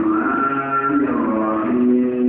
الرحمن الرحيم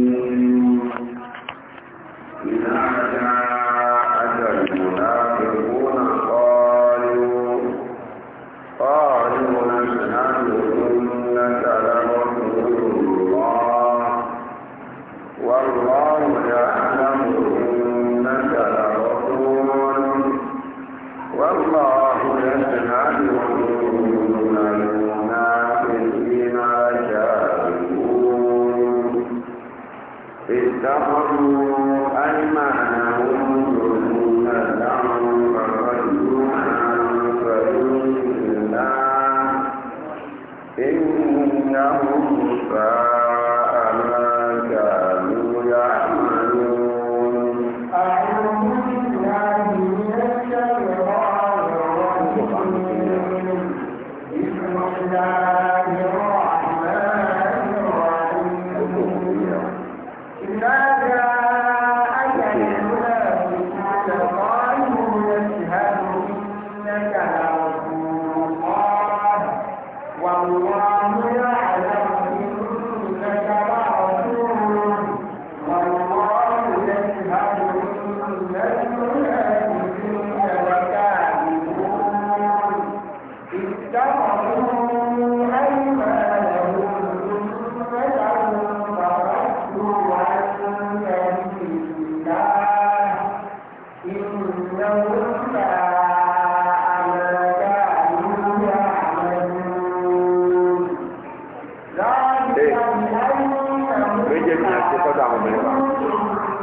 yẹn sọ́dọ̀ àwọn obìnrin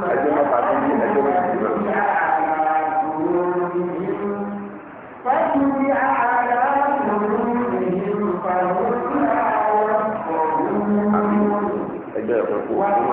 wa ẹjọ́ mẹ́ta tó ní ẹjọ́ méjì tó lọ. ẹjọ́ ẹ̀kọ́ kó.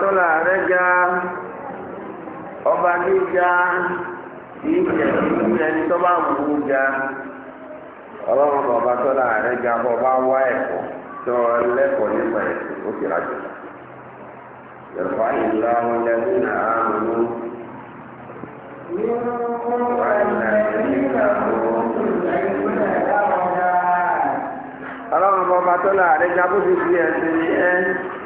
tọ́lá ọba gíga kìí ṣe ìlú ọba tó bá wù ú ga ọlọ́run bàbá ọba wá ẹ̀kọ́ tó lẹ́kọ̀ọ́ nípa ẹ̀sìn ó sì rájò. Yorùbá ìlú na ẹlẹ́bí náà á ronú. Ọlọ́run bó fi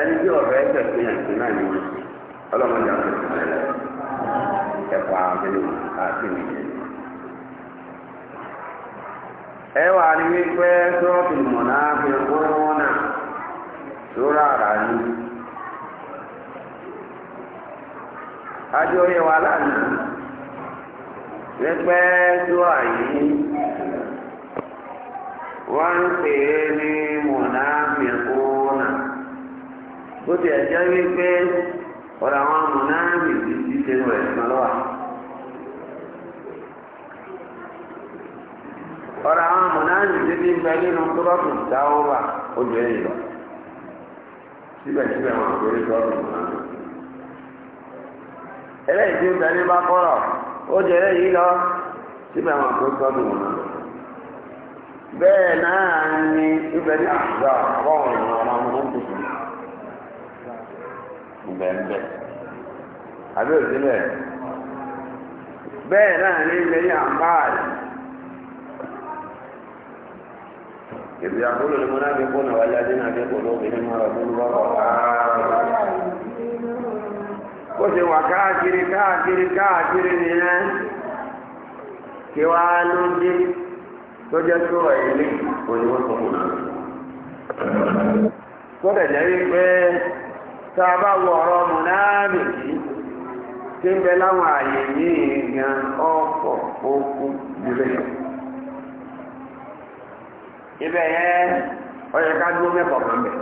ẹni tí ọ̀rọ̀ ẹ̀jẹ̀ fi hàn sí náà ni wọ́n ṣe ọlọ́mọdé àti ìsìnkú rẹ̀ ẹ̀fọ́ abẹ́lẹ̀ àti nìyẹn. ẹ wà ní wípé sọ́ọ̀tì mọ̀nà fi kúrú náà sórí ni. adúlé wa bó ti ẹ̀jọ́ wípé ọ̀rọ̀ àwọn amọ̀náàmì ti ti ṣe nù ẹ̀sìn ọlọ́wà. ọ̀rọ̀ àwọn amọ̀náàmì ti ti bẹ nínú tọ́lọ́pù dáwọ́wà obìnrin lọ. síbẹ̀síbẹ̀ wọn àgbèrè tọ́lọ́pù náà. eléyìí ti ń bẹ ní bákọ́rọ̀ ó eléyìí lọ síbẹ̀ wọn tọ́lọ́pù bẹ́ẹ̀ náà ni bẹ̀ ń bẹ̀ àbí òsínlẹ̀ bẹ́ẹ̀ náà ní ilẹ̀ yàmbáàlì èdè àkóló ni mo náà fi kónà wáyé adé náà fi kónà obìnrin mọ́ra fún lọ́wọ́ bó ṣe wà káàkiri káàkiri káàkiri nìyẹn kí wàá ló dé tó jẹ́ tó ẹ̀yìn ní òyìnbó tó kùnà. kó dẹ̀ jẹ́ wípé. tá a bá wọ ọ̀rọ̀ yìí tí ń bẹ láwọn àyè ní gan ọ̀pọ̀ okú nílé ibẹ̀ yẹn ó ká dúró mẹ́kọ̀ọ́ kan bẹ̀.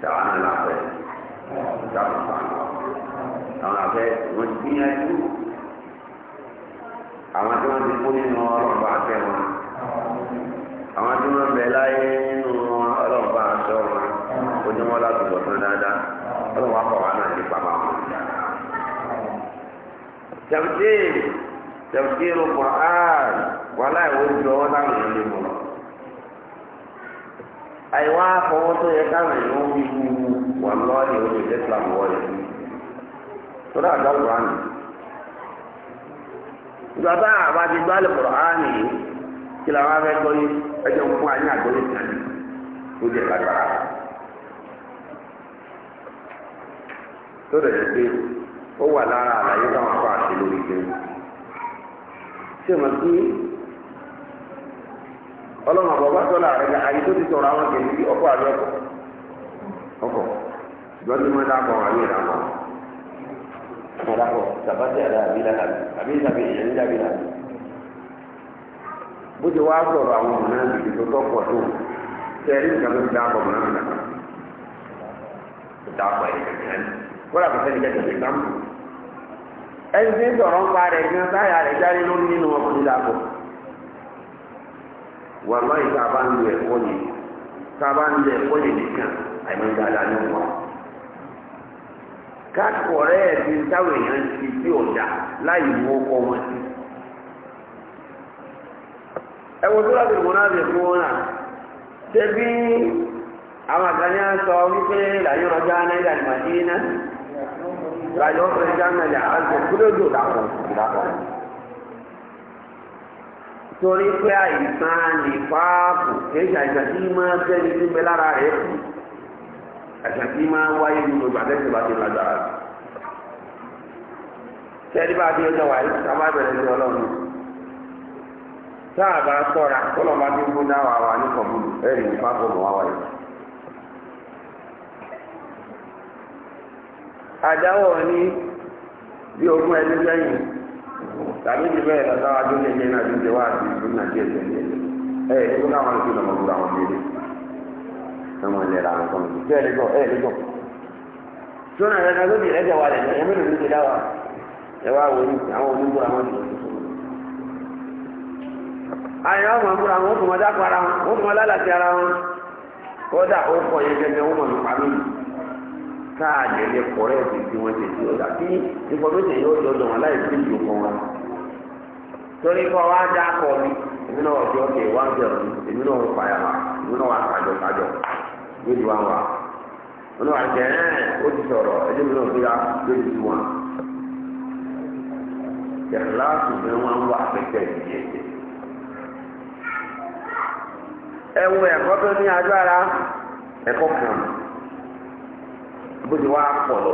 ṣàwọn jẹ́ wọn láti bọ̀ tán dáadáa ọlọ́run wá kọ̀ wá náà nípa máa wọ̀. tẹ̀síìr tẹ̀síìr Qur'an wàhálà ìwé jọ ọ́ láwọn èèyàn lè mọ̀ lọ. àìwá fọwọ́ tó yẹ káwọn èèyàn ń wí wú wà lọ́ọ̀lì oṣù Islam wọlé. tó dáa dá Qur'an. ìgbà bá àbájú gbálẹ̀ Qur'an yìí kí làwọn afẹ́ gbọ́ yìí ẹjọ́ fún wa ní àgbọ̀lẹ̀ tẹ̀lé tó dé lágbára. tó dẹ̀ jẹ́ pé ó wà lára àlàyé táwọn afọ àti lórí ṣé mo ọlọ́run ọ̀bọ̀ bá rẹ̀ ga àyè tó ti sọ̀rọ̀ àwọn kìí bí ọkọ̀ àbí ọkọ̀ ọkọ̀ ṣùgbọ́n tí mo dábọ̀ àbí ìdàbọ̀ mo dábọ̀ sàbátì àdá àbí ìdàbí àbí ìdàbí ìyẹn ìdàbí ìdàbí bó ti wá sọ̀rọ̀ àwọn ọmọ náà tó tó nǹkan tó ti mọ́ náà ẹ̀ kódà kò sẹ́ni kẹ́kẹ́ fi sáàmù ẹni tí ń sọ̀rọ̀ ń pa rẹ̀ gan táyà rẹ̀ jáde lórí nínú ọkọ̀ nílà pọ̀ wà lọ́yì tá a ń lo ẹ̀kọ́ yìí tá ń lo ẹ̀kọ́ yìí nìkan àìmọ́ dáadáa ní kákọ̀ rẹ̀ ti táwọn èèyàn ti fi ọ̀dà láì wọn sí tó láti rayo ọ̀sẹ̀ jáná ní àjọ kúlódò dàpọ̀ dàpọ̀. torí pé àìsàn lè fáàpù kéjì àìsàn tí máa tẹ́lẹ̀ tó bẹ lára rẹ̀ kù àìsàn tí máa wáyé nínú gbàdẹ́sẹ̀ ti ti wa àdáwọ̀ ní bí ogún ẹni lẹ́yìn tàbí ti bẹ́ẹ̀ lọ́dọ́ adúlẹ̀jẹ́ náà ti jẹ́ wá àti ìlú náà jẹ́ ìṣẹ̀lẹ̀ ẹ̀ ẹ̀ tó láwọn ti lọ́mọ gbogbo àwọn ọmọdé ọmọ ìlera àwọn kan bẹ́ẹ̀ lẹ́gbọ̀ ẹ̀ lẹ́gbọ̀ sọ́nà ẹ̀ka tó di ẹ̀jẹ̀ wa lẹ̀ ẹ̀ táà lè kọrọ kọ̀rẹ́ ẹ̀sìn tí wọ́n ṣe sí yóò wọn láì sí wọn. torí kọ́ wá dá kọ́ mi èmi náà wá ń bẹ̀rù èmi náà ń fàyà wá èmi náà wà kájọ kájọ wa wà. wọn wà ó ti mi náà wọn. ń pẹ́pẹ́ bó ti wá pọ̀ lọ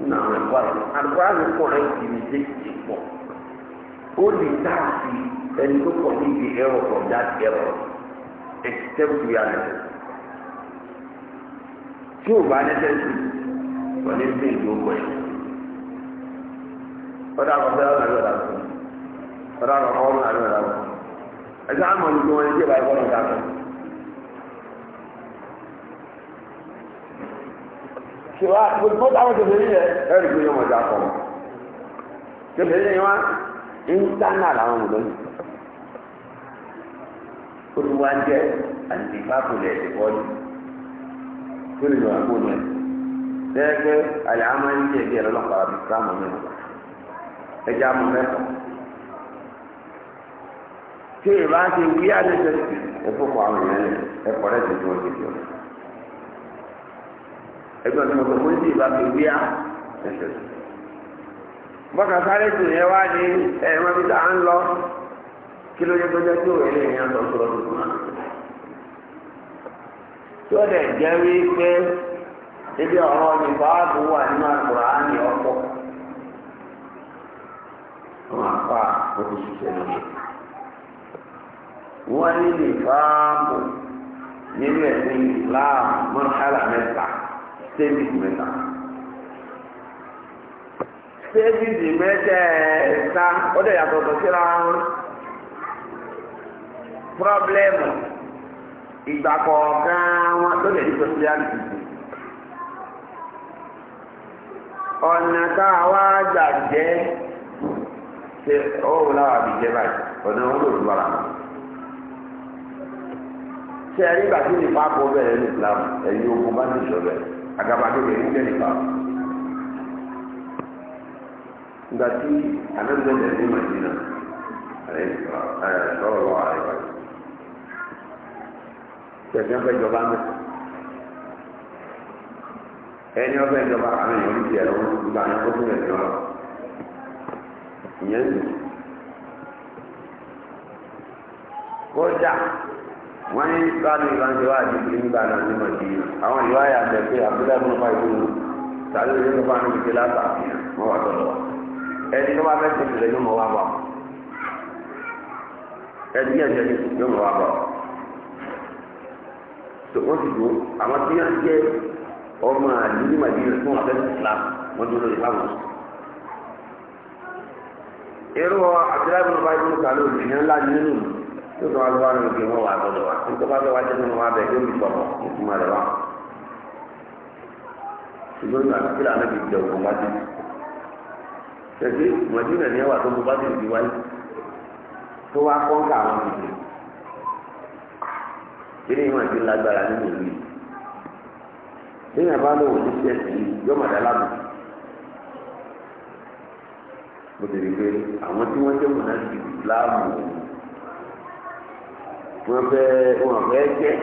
nínú àwọn ẹ̀kọ́ àti àgbà mi pọ̀ náà ti mi dé ti pọ̀ ó lè dá sí ẹni tó pọ̀ níbi ẹ̀rọ from that ẹ̀rọ except we are there tí ò bá nẹ́sẹ̀ sí wọ́n lè gbé ìlú ọgbọ̀n yìí ọ̀dà àkọ́kọ́ ọ̀nà àlọ́ ìlànà ọ̀dà àkọ́kọ́ ọ̀nà àlọ́ ìlànà ẹ̀sán àmọ̀ ìlú wọn ẹ̀jẹ̀ báyìí wọ́n lọ dáná. ṣèwà gbogbo táwọn tòṣe nílẹ̀ ẹ̀rù pé yóò mọ̀ dá pọ̀ tòṣe nílẹ̀ wọn ìńtánà làwọn mọ̀ lónìí olùwà jẹ́ àdìbákulẹ̀ ìbọ́lù tó lè lọ àgbo náà lẹ́gbẹ́ àlẹ́ àmọ́ ń jẹ́ ìdí ẹ̀rọ lọ́pàá àbí sáàmù mẹ́rin ẹja mọ̀ mẹ́fà tí ìbá ti wí àdéhùn ẹ̀fọ́ kọ àwọn èèyàn ẹ̀fọ́ rẹ̀ tuntun ọ̀dẹ̀ tí ọ̀dẹ̀ ẹgbẹ́ ọ̀sán ọ̀sán fún ìdí ìbá fi wíyá ẹ̀sẹ̀. bọ́kà sáré tù yẹn wá ní ẹ̀rọ bí tá à ń lọ kí ló yẹ tó jẹ́ tó ẹ̀rẹ́ yẹn á lọ sọ̀rọ̀ tó kùnà. tó dẹ̀ jẹ́ wí pé ibi ọ̀rọ̀ ni báàbù wà nínú àkùrà á ní ọ̀pọ̀. wọ́n àpá òkú ṣiṣẹ́ lórí. wọ́n ní nìfààmù nínú ẹ̀sìn Islam mọ́ṣálà mẹ́ta sẹ́mìtì mẹ́ta sẹ́mìtì mẹ́tẹ̀ẹ̀ta ó dẹ̀ yàtọ̀ tọ̀ síra wọn pírọ́blẹ́mù ìgbà kọ̀ọ̀kan wọn ló lè ní sọ́síálìtì ọ̀nà tá a wá gbà jẹ́ ṣe ọwọ́ láwà bí jẹ́ báyìí ọ̀nà wọn ló lù wàrà wọn ṣe ẹ̀rí ìgbà tí nípa kó bẹ̀rẹ̀ ní Islam ẹ̀yin ogun bá ní ìṣọ̀bẹ̀rẹ̀ àgàbàdo rẹ̀ ń jẹ́ nípa. Ìgbà tí anábìyẹ̀dẹ̀ ní Màdínà lọ́rọ̀ lọ́wọ́ ààrẹ wa. Tẹ̀sán fẹ́ jọba mẹ́. Ẹni ọ̀fẹ́ jọba àwọn èèyàn ti ẹ̀rọ gbogbo àwọn tó fún ẹ̀sìn ọ̀rọ̀. Ìyẹn ń dùn. Kọjá wọ́n ní sọ́ọ́lù ìbánisẹ́ wà ní ìlú nígbà náà ní mọ̀jì àwọn ìwà yà bẹ̀ pé abúlé ló bá ìlú sàlù ìlú ló bá níbi tẹ́lá sàfihàn wọ́n wà tọ̀lọ̀ ẹni tó bá fẹ́ ṣe ìṣẹ̀lẹ̀ yóò mọ̀ wá bọ̀ ẹni yóò mọ̀ wá bọ̀ tó wọ́n ti dùn àwọn tí wọ́n jẹ́ ọmọ mọ̀jì tó tó wá lọ́wọ́ àwọn ìgbé wọn wà lọ́dọ̀ wa nítorí wọn bẹ wá jẹ́ nínú wa bẹ yóò fi sọ̀rọ̀ ìtumọ̀ rẹ̀ wá. ṣùgbọ́n ìgbà tí kílà náà fi jẹ òkun wá dé. ṣèṣe mọ̀jìnà ní ẹwà tó mú bá dèrè wáyé tó wá kọ́ńkà àwọn ìgbè. ilé ìwọ̀n ti lágbára nínú ìlú yìí. lẹ́yìn àbá lọ́wọ́ ní sí yìí yóò mọ̀ dálábù. mo tẹ̀lé pé àwọn tí wọ́n wọ́n fẹ́ wọ́n fẹ́ jẹ́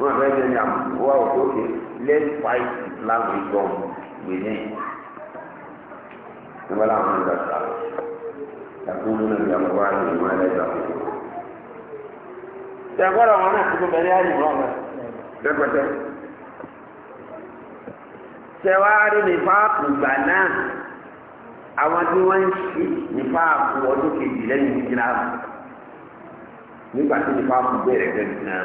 wọ́n fẹ́ jẹ́ ní àbùkù wà ó tókè let's fight Islam with God within. nígbà láwọn ọ̀dọ́ sá takúrú náà ní àbúrò àti ìmọ̀ ẹlẹ́dà. ṣègbọ́dọ̀ wọn náà kúrò bẹ̀rẹ̀ àyè wọn náà. rẹpẹtẹ. ṣẹwárí ní fáàpù gbà náà àwọn tí wọ́n ń ṣe ní fáàpù ọdún kejì lẹ́yìn ìjìnlá. nígbà tí nípa kù bẹ̀rẹ̀ gẹ́gẹ́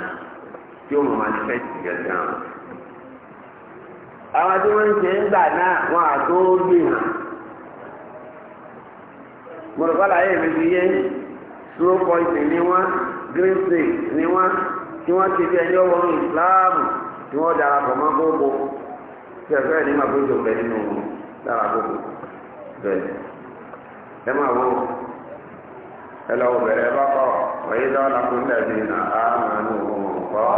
tí ó mọ̀ máa ní fẹ́ẹ̀sì gẹ́gẹ́ àwọn. tí wọ́n ń ṣe ń gbà náà wọ́n á tó gbé hàn. mọ̀lùkọ́lá yẹ̀ mi ti slow point ni wọ́n green state ni wọ́n tí wọ́n ti fi ẹjọ́ wọn ìsìláàmù tí wọ́n mọ́ gbogbo tí ẹlọ obìnrin bá kọ wọ́n yíyá ọ̀làkùn dàbí nà ámàánù kọ́.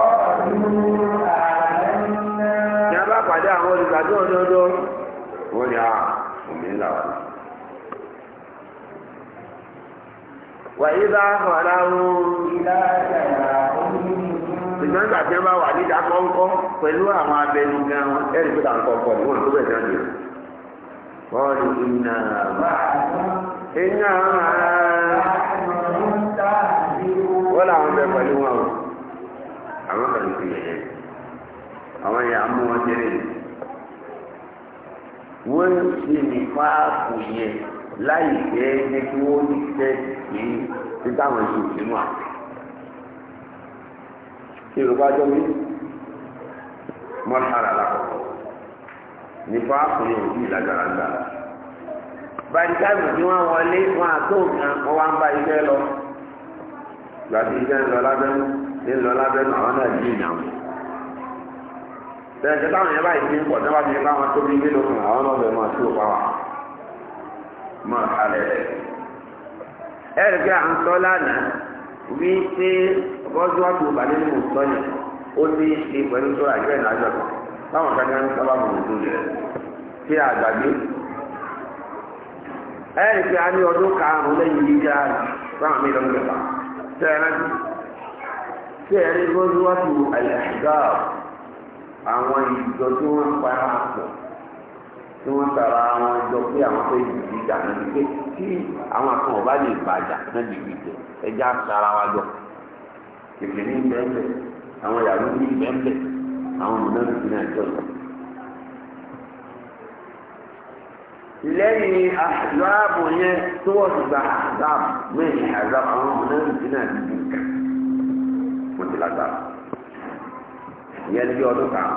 ní a bá pàdé àwọn olùgbàdún òdodo wọ́n ní a òmìnir là wọ́n. wàyíbá ọ̀làrú. ṣùgbọ́n nígbà tí bá wà nídàá kọ́ńkọ́ pẹ̀lú àwọn abẹnugan wọn ẹ̀rí pé kàńkọ́ kọ́ ni wọ́n tó bẹ̀ jáde. wọ́n ní iná. iná máa wọ́n làwọn bẹ pẹ̀lú wọn o àwọn kan ti yẹ̀yẹ́ àwọn yẹn amú wọn jẹ́rẹ́ yìí wọ́n ṣe ní fáàfù yẹn láì jẹ́ ẹni tí wọ́n ní tẹ́ sí tí táwọn yóò sínú àpè. Yorùbá jọ mí mọ́tàrà lákọ̀ọ́kọ́ ní fáàfù yẹn ò sí ìlàgbára gbà. Bàdìkàbù tí wọ́n wọlé wọn àtó nǹkan wọ́n wá ń bá iṣẹ́ lọ. gbàtí iṣẹ́ ń lọ lábẹ́nu ń lọ lábẹ́nu àwọn náà yìí nà wọn. bẹ́ẹ̀ táwọn yẹn báyìí ti ń pọ̀ tí ti ń bá wọn tóbi mélòó kan àwọn náà máa tó máa ẹ̀rì à ń sọ lánàá wí pé ó ṣe pẹ̀lú tó táwọn kankan ń sábà mọ̀ tẹ́rán tí ẹ̀rí lọ́síwájú àyàṣìdá àwọn ìjọ tí wọ́n para pọ̀ tí wọ́n tara àwọn ìjọ pé àwọn fẹ́ yìí ìjà náà wípé tí àwọn àkàn ọba lè bàjá náà lè wípé ẹja sara wa jọ kèké ní bẹ́ẹ̀ àwọn yàrá ní bẹ́ẹ̀ bẹ́ẹ̀ àwọn mọ̀nà ní ìjọ náà lẹ́yìn àzáàbò yẹn tó wọ́n ti gba àzáàbò lẹ́yìn àzáàbò àwọn ọmọ náà ti náà ti di wọ́n ti lágbára ìyẹn ní ọdún kan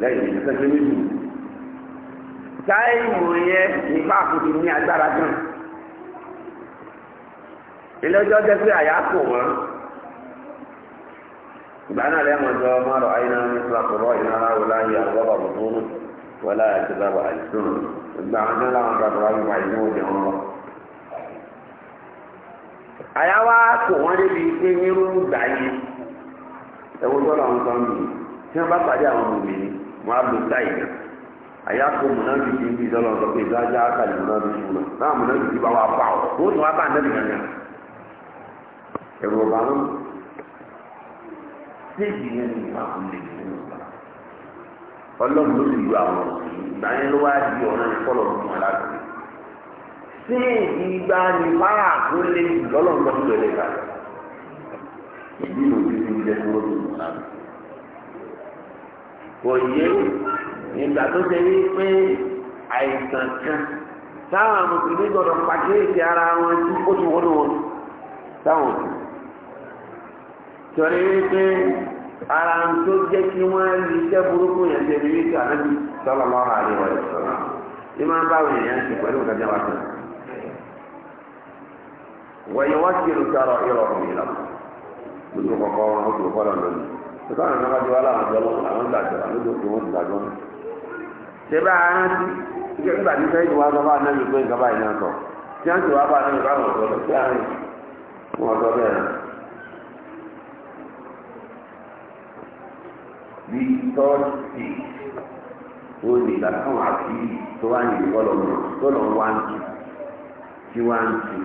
lẹ́yìn ìdí sẹ́kẹ́ méjì táìmù yẹn ní ti ní agbára gan jẹ́ pé àyà kò wọ́n ìgbà náà ní ìnáwó láyé wọlé àti bàbá àìsàn. gbogbo àwọn tó láwọn tó àtọwájú máa yìí wọn lọ. wa kò débi pé nírú gbà yìí ẹ̀wọ́n tó làwọn kan bì í tí wọ́n bá pàdé àwọn ọmọ mi á lò táyì náà àyà kò múná bì bí ìdọ́lọ́ sọ pé ìdájọ́ àkàlì múná bì í náà bá pa wá bá ọlọ́run ló sì lu àwọn ìgbà yẹn ló wá di ọ̀nà ìfọ́lọ̀ fún wọn láti rí sí ìgbà ní báà tó lé lọ́lọ́run lọ́dún lọ́lẹ́ ká ìdí ìlú tí ń jẹ́ kúrò tó wọn kò yé ìgbà tó ṣe ní pé àìsàn kan táwọn mùsùlùmí gbọdọ̀ pàkíyèsí ara wọn tí ó ti wọ́n wọn táwọn ò tí. torí pé ara ń tó jẹ́ kí wọ́n rí iṣẹ́ burúkú yẹn ṣe ní wíṣọ sọlọ lọ́wọ́ àríwá ní máa ń bá pẹ̀lú wá sí ìlú sọ̀rọ̀ ìrọ̀ lójú kọ̀kọ́ wọn ó lónìí. wa láwọn jọ lọ́wọ́ àwọn gbàgbọ́ àwọn òkè wọn ti ṣé bá a rántí nígbà tí fẹ́ẹ́ ti wá sọ bá anábì pé nǹkan báyìí náà bí tọ́sí ó lè gbà àti tó wá ní ìwọ́lọ̀ tó lọ wá ń tu tí wá ń tu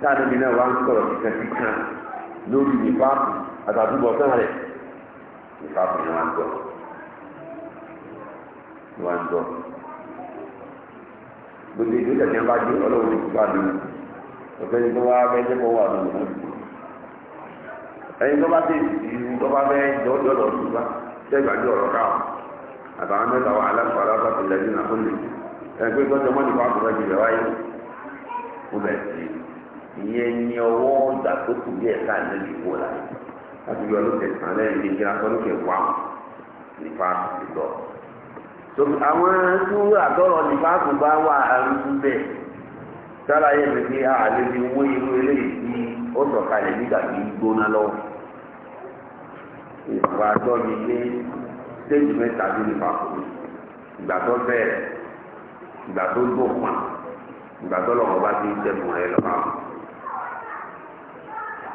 táàdé mi náà wá ń sọ̀rọ̀ kíkankíkan lórí nípaapù àtàdúgbọ̀ tán rẹ̀ nípaapù ni wọ́n ń gbọ́ wọ́n ń gbọ́ gbogbo bá dé ọlọ́run ní wá wà ẹni tó bá dé ìlú tó bá tẹ́gbàgbé ọ̀rọ̀ káwọn àtàwọn mẹ́ta wà aláfààrà pàtó ìlẹ́jú náà fún mi ẹgbẹ́ tó jọmọ́ nípa àtúntò ìjìnlẹ̀ wáyé mo bẹ̀ sí ìyẹn ní ọwọ́ ìgbà tó kù bí ẹ̀ka láti yọ ní wà nípa àwọn tó nípa wà àrùn irú eléyìí tí ó sọ̀kalẹ̀ nígbà tí gbóná lọ́wọ́ ìgbàgbọ́ mi ní stéèjì mẹ́ta ló lè ìgbà tó bẹ̀rẹ̀ ìgbà tó gbò pa ìgbà tó lọ́wọ́ bá ti ń tẹ̀mù ẹ lọ́wọ́.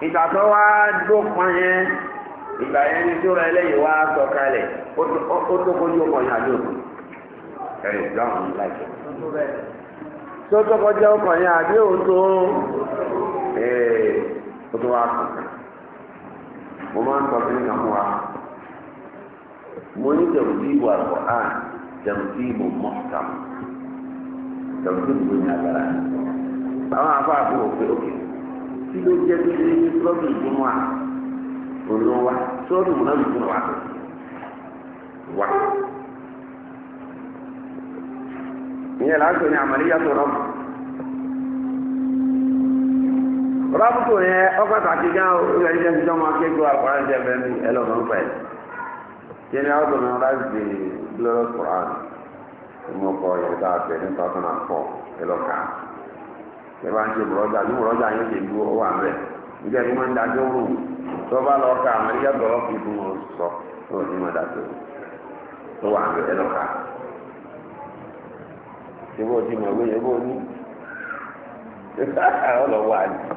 ìgbà tó wá gbò pa yẹn ìgbà yẹn ni tó rẹ lẹ́yìn wá sọ kalẹ̀ ó tó kọjú ọkọ̀ mo máa ń sọ pé nǹkan wa mo ní tẹ̀wùtìbù àlùkọ́án tẹ̀wùtìbù mọ́tàmù tẹ̀wùtìbù ní agbára àwọn afọ àbúrò pé òkè tí ló jẹ́ pé ní sọ́ọ̀tù ìdúnmọ́ à òun wa wa ìyẹn rọ́bùtù yẹn ọgbàtàkì gan ọgbà ìjẹ́ ìjọ máa kéèkó àkùrán jẹ bẹ́ẹ̀ ní ẹlọ́run pẹ̀. kí ni ọdún náà láti kọ ka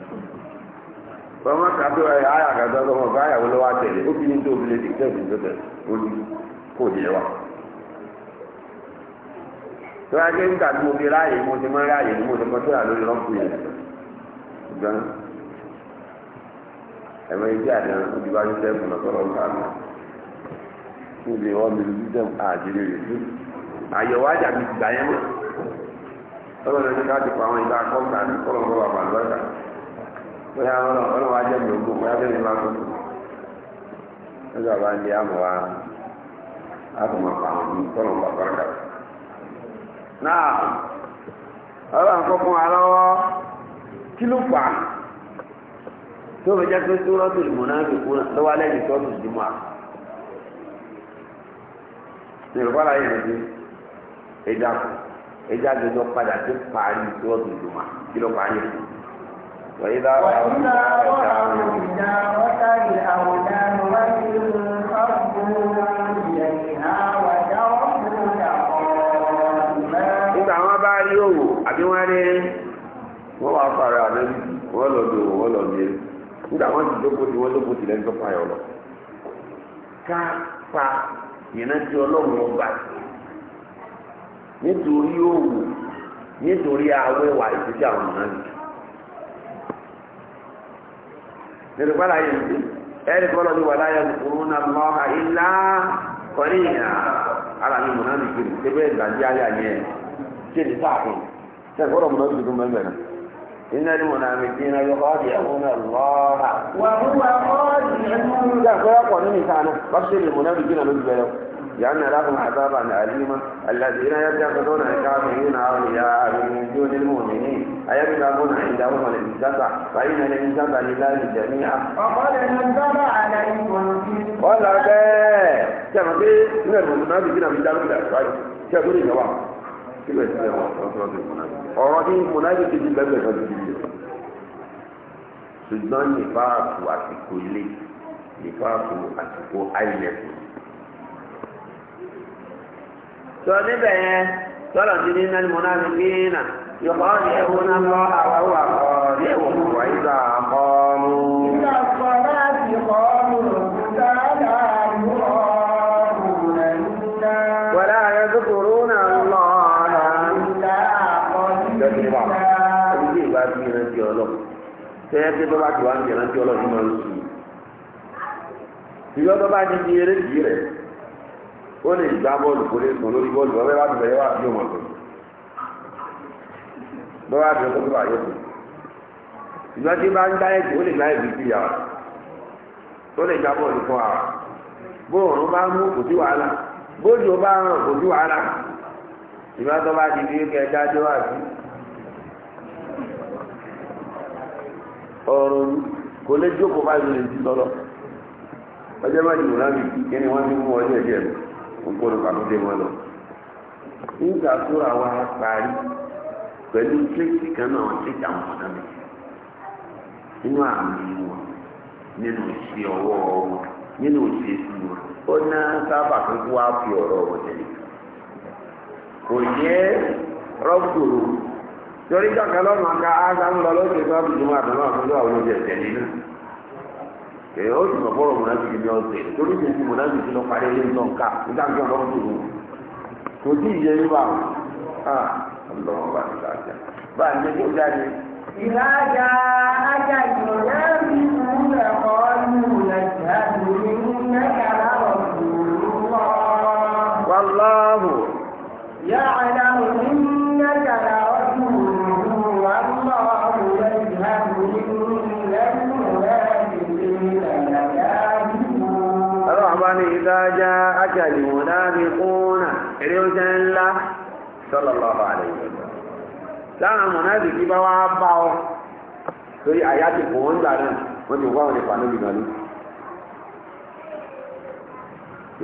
tọ́mọ kàtó ẹ̀ ayà kàtó ọmọ ọ̀gá àyàwó lọ́wọ́ àtẹ̀lé tó obìnrin tẹ̀ kò yẹ wa. tó yà kí n tó omi ráàyè mo ti ráàyè ni mo ti kọ́tọ́ yà lórí rọ́pù yẹn. ṣùgbọ́n ẹ̀mọ ẹgbẹ́ àdán ojú bá ní sẹ́kù náà tọ́lọ́ nǹkan àná. kí ni wọ́n mi lójú dẹ́m àdìrí rẹ̀ sí. àyẹ̀wò bóyá ọlọ́ ọlọ́wọ́ ajẹ́ mi ògùn bóyá tó tó ìmọ̀ náà fi kú lọ́wọ́ alẹ́ a ti ẹja ẹja padà tó parí tó ìmọ̀ kí fún un. وإذا رأوا تجارة أو تمرة خرجوا إليها وتركوك قائما إذا ما بعلوا àbí wọ́n rí wọ́n wá fara ànábì wọ́n lọ bí wọ́n lọ ti dókòó wọ́n dókòó lẹ́nu tó fàyọ̀ lọ. ká pa ìrántí ọlọ́run ọba nítorí òwò nítorí awẹ́wà ìtúsí àwọn mọ̀nàbí. ẹ̀rù pàdà yìí ní ẹ̀rù kọ́lọ̀ ní wàlá yẹn kúrú náà lọ́ ha ilá kọ́ní ìyá ara mi mọ̀ náà ní kiri tẹ́gbẹ́ ìgbàdí ayé ayé ẹ̀ tí èdè sáàfin sẹ́kọ̀rọ̀ mọ̀ náà tuntun mẹ́mẹ́ rẹ̀ iná ní mọ̀nà mi kí iná yọ ọ́ọ̀dì ẹ̀wọ̀n náà lọ́ ha. wà á wà ọ́ọ̀dì ẹ̀wọ̀n. sẹ́kọ̀rọ̀ pọ̀ nínú ìtànà bá لأن لهم عذابا أليما الذين يتخذون الكافرين أولياء من دون المؤمنين أيبتغون عندهم الانتفع فإن الانتفع لله جميعا وقد نزل عليكم ولا بيه كما في من المنافقين في الدار الأخير كيقول الجواب كيف يسمى ọ̀rọ̀dí mọ̀nàbíkì ti bẹ́ẹ̀ bẹ́ẹ̀ lọ́dún yìí ṣùgbọ́n nípaàtù àsìkò ilé nípaàtù àsìkò àìlẹ̀kù. sọ níbẹ̀ yẹn sọ̀rọ̀ ti ní nánimọ̀nàbíkì náà. يخادعون الله وهو خادعهم وإذا قاموا إلى ولا يذكرون الله إلا قليلا Tẹ́ẹ̀kì tó bá ti wá ń jẹ̀rán tí ọlọ́run máa ń sùn. Ìyọ́ tó bá ti di eré kìí rẹ̀, ó lè gbá bọ́ọ̀lù kó lè sùn lórí bọ́ọ̀lù, ọ̀rẹ́ bá bẹ̀rẹ̀ wà sí òmọ̀tò. bọ́wọ́ bụ ọkọ̀ bá yóò ìgbà tí bá ń dá ẹ̀jẹ̀ ó lè gba ẹ̀jẹ̀ sí ya ó lè gbá bọ́ọ̀lù fún ara bóòrùn bá mú kò sí wàhálà bóòjò bá ràn kò sí wàhálà ìgbà tó bá di sí kò lè jókòó bá lè lọ́lọ́ ọjọ́ bá jùlọ láti kí ni wọ́n ti mú ọjọ́ ẹ̀jẹ̀ ń kó pẹ̀lú tíréṣì kan náà wọ́n tíréṣì àwọn ọ̀dọ́ mi nínú àmì wọn nínú ìṣe ọwọ́ wọn nínú ìṣe èsì wọn ó ná sábà kan kó wá fi ọ̀rọ̀ wọn tẹ̀lé kò yẹ rọ́pùrù torí kàkà lọ́nà ká ága ń lọ lókè tó àbùdó máa dùn náà lọ́wọ́ àwọn oúnjẹ tẹ̀lé náà kèé ó sì mọ̀ fọ́rọ̀ mọ̀nàbìkì ní ọ̀sẹ̀ torí kò sí mọ̀nàbìkì lọ parí ilé ń tàn ká nígbà tí wọ́n lọ́wọ́ tó wù kò tí ì yẹ yín bá wọn. Ah. اللهم بارك العافية بعد نجيب ثاني إذا جاء أجل المنافقون قالوا نشهد إنك لرسول الله والله يعلم إنك لرسوله والله يشهد إن المنافقين لكاذبون. الرحمن إذا جاء أجل المنافقون رجلا sallallahu alaihi wa sallam láwọn mọ̀nàdì kí bá wá bá ọ torí àyà ti kò wọ́n gbà náà wọ́n ti wá wọn ní pàdé ìgbà ní.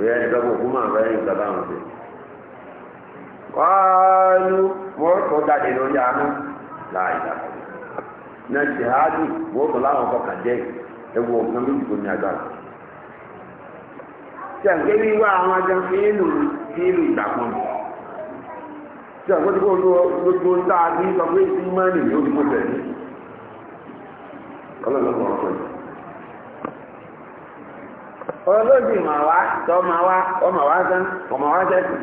ìyá ẹni gbàgbọ́ òkú máa rẹ̀ ìgbà báwọn ṣe. wáyú wọ́n kọ́ jáde lórí àánú láàyè náà jihadi wọ́n kọ́ láwọn ọkọ̀ kàjẹ́ ẹ̀wọ̀ ọ̀gbọ́n méjì tó ní agbára ṣàǹkẹ́ wíwá àwọn ajá fíìlù fíìlù ìgbà kan nù. tí a gbọ́dọ̀ gbogbo ń dáa ní sọ ìsí máa nìyí ó ti kó tẹ̀lé ọlọ́lọ́gbọ̀ ọ̀pọ̀ yìí ọlọ́dì máa wá tọ́ máa wá ọmọ wá sán ọmọ wá sẹ́kù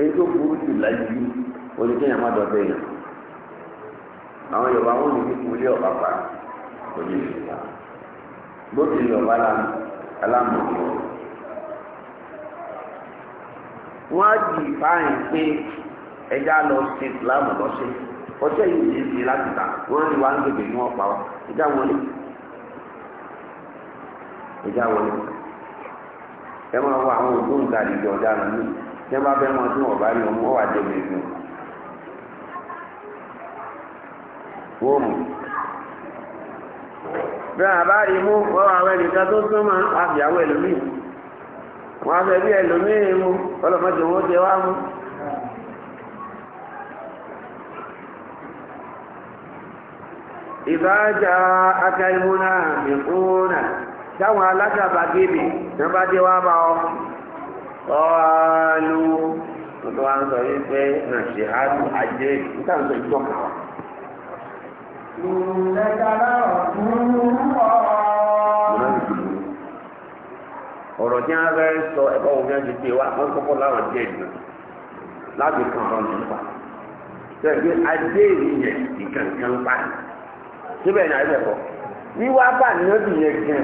èyí burú jù láyé oníkéèyàn má dọ̀tẹ̀ yàn àwọn Yorùbá wọn ní kíkú ilé ọ̀pá pa òye ìṣèlú bó ti wọ́n á jì pé ẹja lọ sí ìsìlámù lọ́sẹ̀ ọjọ́ yìí ní ti láti ta wọ́n ní wàá ń gbèbè ní ọ̀pá ẹja wọlé ẹja wọlé ẹ máa wọ àwọn ògbóǹtarìgì ọ̀daràn ní ẹ bá fẹ́ wọn tí wọ́n bá rí ọmọ wà jẹ́ wọ́n mú bí bá rí mú wọ́n tó wọn á fẹ́ bí mee mu ọlọ́mọdé wọn ó jẹ wá mu. ìbájá akẹ́lẹ́múnà mẹ́kúnà táwọn alágàbàgebè ní bá dé wá bá ọ ọ̀ọ́lù tó wá ń sọ yìí pé náà ṣe ajé ń náà ọ̀rọ̀ tí wọ́n fẹ́ sọ ẹ̀kọ́ wọn fẹ́ẹ́ ti gbé wa wọ́n kọ́kọ́ láwọn díẹ̀ jù láti kàn án nípa sẹ́gbẹ́ adé ìyẹn ìkànkan pa síbẹ̀ ní ayé ẹ̀kọ́ wíwá bá níbi yẹn gan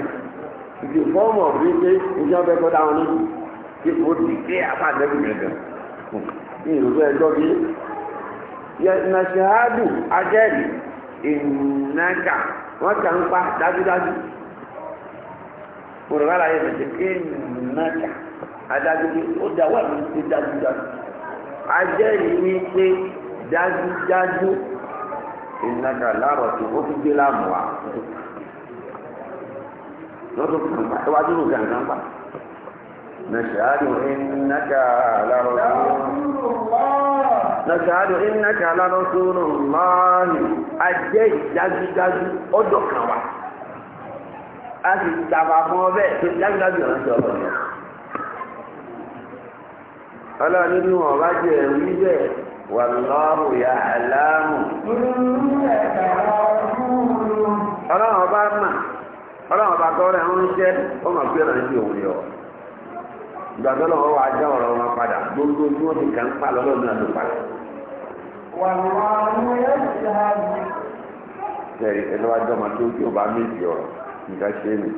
ìdí fọ́ọ̀mù ọ̀bí pé ìjọ bẹ́ẹ̀ kọ́ dáwọn ní ipò tí ké apá níbi yẹn gan ní ìrúbọ ẹjọ́ bí nàṣẹ́hádù ajẹ́rì ìnáka wọ́n kàn ń pa dájúdájú olùkọ́ àlàyé ṣẹ̀ṣẹ̀ pé nàkà adájọ́ pé ó dá wà ní pé dájúdájú ajẹ́rìí ní pé dájúdájú ìnàkà láàrọ̀ tó ó fi gbé láàmú wa lọ́dún kan pa ẹwà dúró gàǹgàn pa nàṣàádù ìnàkà láàrọ̀ nàṣàádù ìnàkà láàrọ̀ tó rọ̀ máa ní ajẹ́rìí dájúdájú kan wa. a sì tàbà fún ọ bẹ́ẹ̀ tó dájúdájú ọ̀rọ̀ ti ọ̀rọ̀ yẹn. ọlọ́run nínú wọn bá jẹ ẹ̀rí bẹ́ẹ̀ wà yà ọlọ́run ọba mà ọlọ́run ọba ń ṣẹ́ ọ ọ̀rọ̀ òun yọ. ìgbà tó lọ́wọ́ wa já ọ̀rọ̀ wọn padà gbogbo tí wọ́n ti kà ń pa náà ló wà yà sẹ́yìn ẹni wá ọmọ tó ọba méjì ìdáṣe mi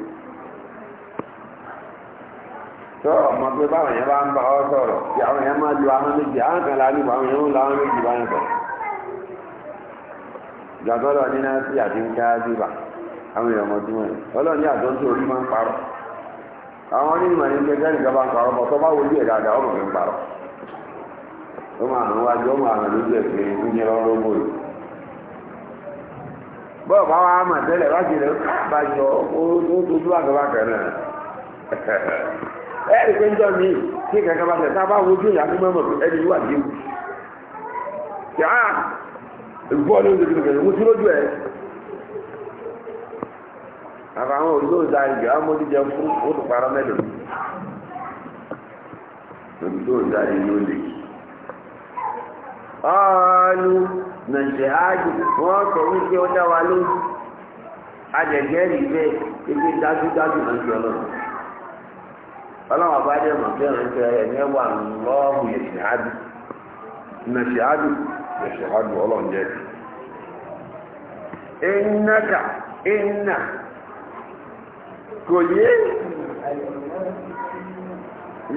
tó ọmọ pé báwọn yẹn bá ń bá ọ sọ̀rọ̀ tí àwọn yẹn máa ju àwọn méjì àwọn kan la nípa àwọn yẹn ń méjì bá ń sọ ìgbàgbọ́dọ̀ nínú sí àti ń ká bíbà àwọn èèyàn ọmọ tí wọ́n yẹn ní àjọ tí orí máa ń parọ́ àwọn onímọ̀ ní ń parọ́ bá ọmọ mi ń parọ́ ó máa wájú ó máa lójú bọ́ọ̀ bá wa mà tẹ́lẹ̀ bá jẹ́ bá jọ ojú bá kẹ́bá kẹ́ náà ẹ̀rì pé ń jọ mí kí kẹ́kẹ́ bá tẹ̀ tá a bá wojú ìyá tó mẹ́mọ̀ ẹni wà dé wù kí ìgbọ́ ní ojú kẹ́kẹ́ wù sí lójú ẹ̀ àfàwọn olùdó ìdá ìjọ amódíjẹ fún olùpàrọ̀ mẹ́lòó olùdó ìdá ìjọ lè. na ájì wọ́n sọ wípé ó dá wa lójú ajẹ̀gẹ́ rí bẹ́ẹ̀ ibi dájúdájú ló jọ lọ. ọlọ́wọ́n bá dẹ̀ mọ̀ bẹ́ẹ̀ ń tẹ ẹ̀mí wà lọ́ọ̀hù yẹ̀sìádù nàìjíríàdù yẹ̀sìádù ọlọ́njẹ́ ti. ìnáka ìnà kò yé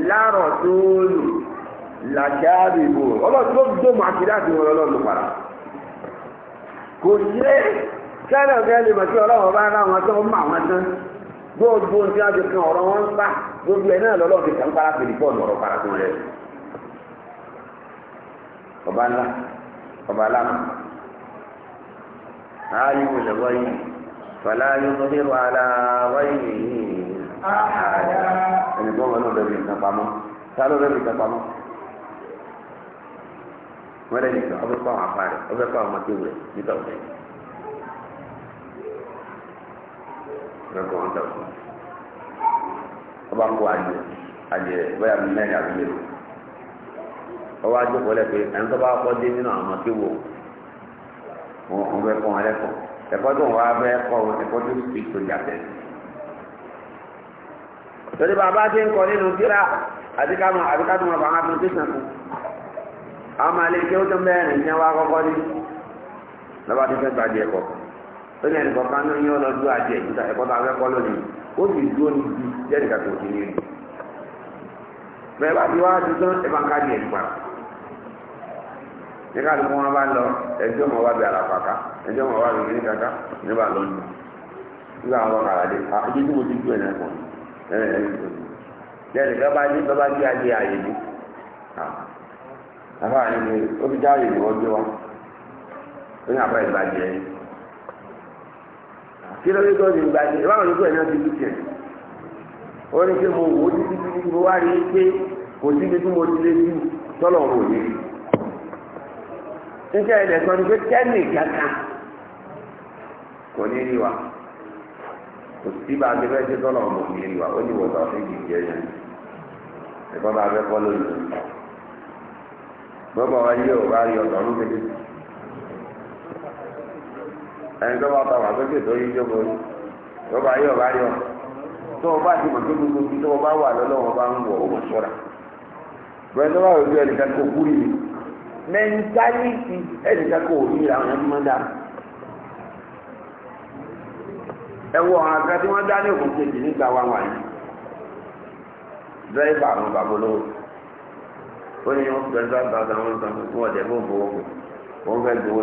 lárọ̀ tó lù ọlọ́run tó àti wọn lọ́lọ́run kò yé sẹ́nà ọ̀gá lè mọ̀ sí ọlọ́run bá rá wọn tó ń mọ̀ wọn tán gbogbo tí wọn ti kan ọ̀rọ̀ wọn ń pa gbogbo ẹ̀ náà lọ́lọ́run ti kàn para pèlú bọ́ọ̀lù ọ̀rọ̀ para fún rẹ̀ ọba ńlá ọba aláma ayé wò lè wáyé fàlà yóò tó dérò àlà wáyé yìí ẹnì kan wọn náà bẹ̀rẹ̀ ìtàn pamọ́ sálọ́ bẹ̀rẹ̀ ìtàn pamọ́ wọ́n lẹ́nu ìgbà ọbẹ̀ fún àwọn afá rẹ̀ ọbẹ̀ fún àwọn ọmọdé rẹ̀ nígbà ọ̀dẹ́ lọ́kọ̀ wọn tà fún ọba kó adìẹ adìẹ bóyá mi mẹ́rin àbí mélòó ọba àjọpọ̀ lẹ́ pé ẹni tó bá kọ́ dé nínú àwọn ọmọdé wò wọn wọn bẹ kọ́ wọn lẹ́kọ̀ọ́ ẹ̀kọ́ tó ń wá bẹ́ kọ́ wọn ẹ̀kọ́ tó fi tó ní abẹ́ torí bàbá ti ń kọ nínú kíra àti ká mọ àbíká tó mọ bàbá tó ń tẹ̀sán fún. ọmọ ilé kí ó tó ya na wá kọ́kọ́ ní lọ́ba tó fẹ́ gbàdí ẹ̀kọ́ ó ní ẹnì kọ̀ọ̀kan ní yín ọlọ́dún àjẹ ìta ẹ̀kọ́ tó afẹ́kọ́ lónìí ó sì dúró ní ibi jẹ́nì kàtó òkè ti pa àbá yìí ni ó fi jáde ìwọ gbé ó ní àbá ìgbàjẹ kí ló dé tó ẹ̀ náà ti dúkìá ó ní kí mo wò ó títí títí mo wá rí i pé kò sí ibi tí mo ti lé tọ́lọ̀ ẹ̀ lẹ́sọ̀ ni pé kò ní rí wa kò sí bá a ti fẹ́ ṣe tọ́lọ̀ rí wa ó ní yẹn ẹ̀kọ́ bá bọ́bá wa yé ọ̀rá yọ ọ̀dọ̀ ọ̀rún ẹni tó bá ta wà sókè tó yí jọba orí bọ́bá yé ọ̀rá yọ tó o bá ti mọ̀ tó gbogbo tó o bá wà bá ń wọ̀ tó bá ẹ àwọn akẹ́kọ̀ọ́ tí wọ́n dá ní nígbà Onye ní wọ́n gbẹ sáà tààtà wọn sàn fún fún ọ̀dẹ̀ fún fowó ụlọ ahụ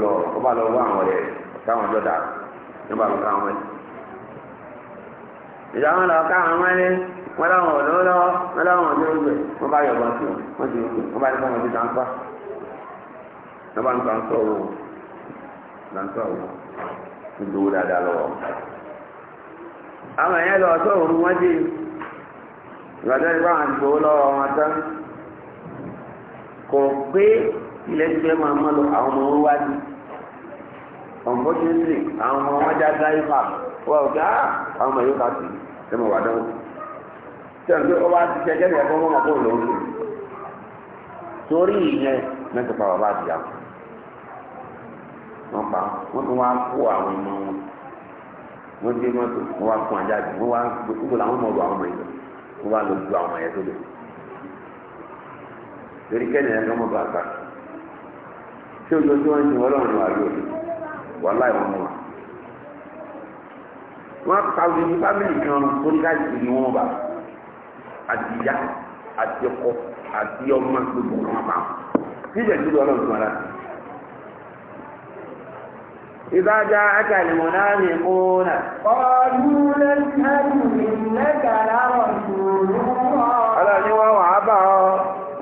ụzọ kọ pé ilẹ̀ ti fẹ́ máa mọ́ lọ àwọn ọmọ wọn wájú unfortunately àwọn ọmọ wọn já ò ah! àwọn ọmọ yóò sí dánwò ọba ti ṣe kó sí torí ìyẹn mẹ́tò pa bàbá àti wọn pa wọn tún wá kó àwọn ọmọ wọn wọn mọ́tò wọn wá kó àjáde wọn wá gbogbo làwọn ọmọ àwọn ọmọ yẹn wọn torí ẹ̀ lọ́mọ bá tí ojú tí wọ́n ń ọlọ́run wà lórí wà láì wọ́n mú wa. wọ́n ní fámìlì kan torí ká jù ní wọ́n bá àti àti ọkọ àti ọmọ gbogbo wọn pa síbẹ̀ tí ọlọ́run tún wà láti. إذا جاءك المنافقون قالوا لن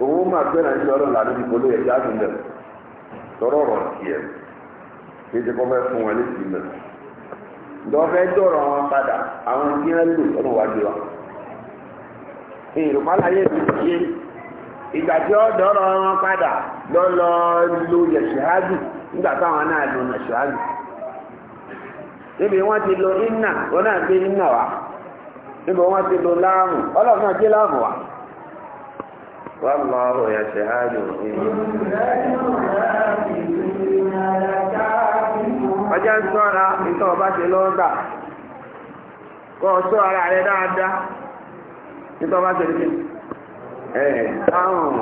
òun máa gbé náà ń sọ ìbò lóye tí a tọrọ ọ̀rọ̀ tiẹ̀ kí ti fún wọn létí wọn padà àwọn tí lò wájú wa. ṣe ìgbà tí wọn padà lo nígbà táwọn náà níbi ti lo iná wọn náà gbé iná wa níbi ti lo láàmù gbé láàmù wa. والله يشهد ọjọ́ ń sọ́ra ìtọ́ ọba ṣe ló ń gbà kọ́ ọ sọ ara rẹ dáadáa ìtọ́ ọba ṣe lókè ẹ̀ sáhùn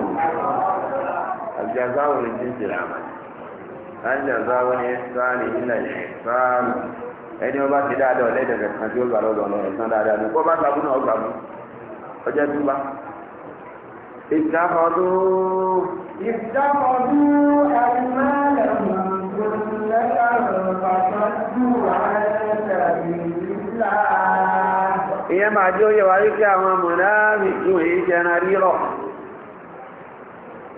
àjàzáwò ní jíjì ràmà àjàzáwò ní sáàlì ilẹ̀ sáàlì ẹni ọba ṣe dáadáa ọ̀lẹ́dẹ̀ẹ̀kan tí ó gbà lọ́dọ̀ ọ̀nà ẹ̀sán dáadáa ní kọ́ bá sábúnà ọgbà mú ọjọ́ tó bá. اتخذوا اتخذوا أيمانهم كلة فصدوا عن سبيل الله ìyẹn máa jẹ́ oyè wáyé kí àwọn mọ̀láàmì tí wọ́n yìí jẹ́ ẹran rírọ̀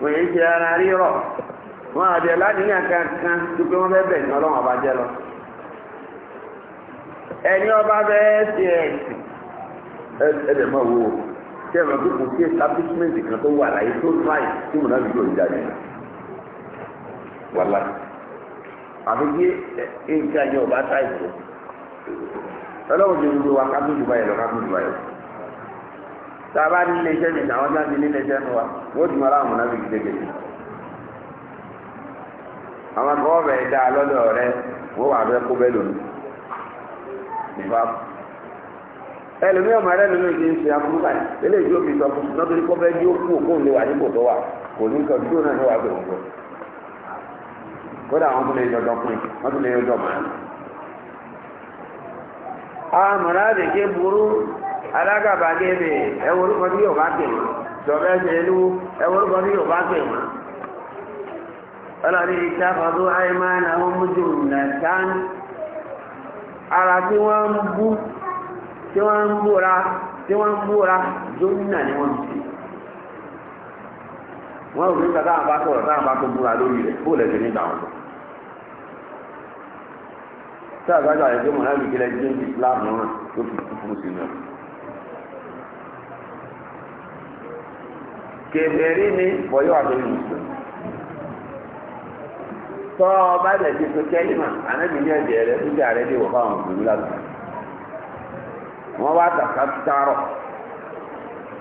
wọ́n yìí jẹ́ ẹran rírọ̀ wọ́n àjẹ́ ládìyàn kankan tó pé wọ́n fẹ́ bẹ̀ ní ọlọ́run ọba jẹ́ lọ ẹni ọba fẹ́ ṣe ẹ̀sìn ẹ̀ẹ́dẹ̀ sẹ́wọ̀n tó kò establishment kan tó wà láyé tó try try fún ọlọ́run ti gbogbo wa kábí jù báyìí lọ kábí jù báyìí E ọmọ rẹ lónìí ti ń ṣe ya báyìí eléyìí yóò sọ fún un lọ́dún kọ́ yóò kú òkú òǹlé wà nípò tó wà kò ní nǹkan dúró náà ní gbọ́. kódà wọn tún lè yọ wọn tún lè yọ àdèké burú ẹwọ orúkọ tí yóò bá ẹwọ orúkọ tí yóò bá ọlọ́ni tí wọ́n ń búra tí wọ́n ń búra jómìnà ni wọ́n ti wọ́n rò nípa táwọn bá sọ̀rọ̀ táwọn bá tó búra lórí rẹ̀ bó lẹ́sẹ̀ nígbà wọn. tí àgbájọ àyè tó mọ̀ láti gbé lẹ́jọ́ ní Islam náà tó fi kú fún sínú ẹ̀. ni bọ̀yọ̀ àtọ́jú mùsùlùmí tọ́ ọ bá lẹ̀ ti sọ kẹ́lí mà ànábìyẹn jẹ̀rẹ̀ fújà rẹ̀ dé wọ̀ fáwọn òṣèlú wọ́n wá dàgbà dárọ̀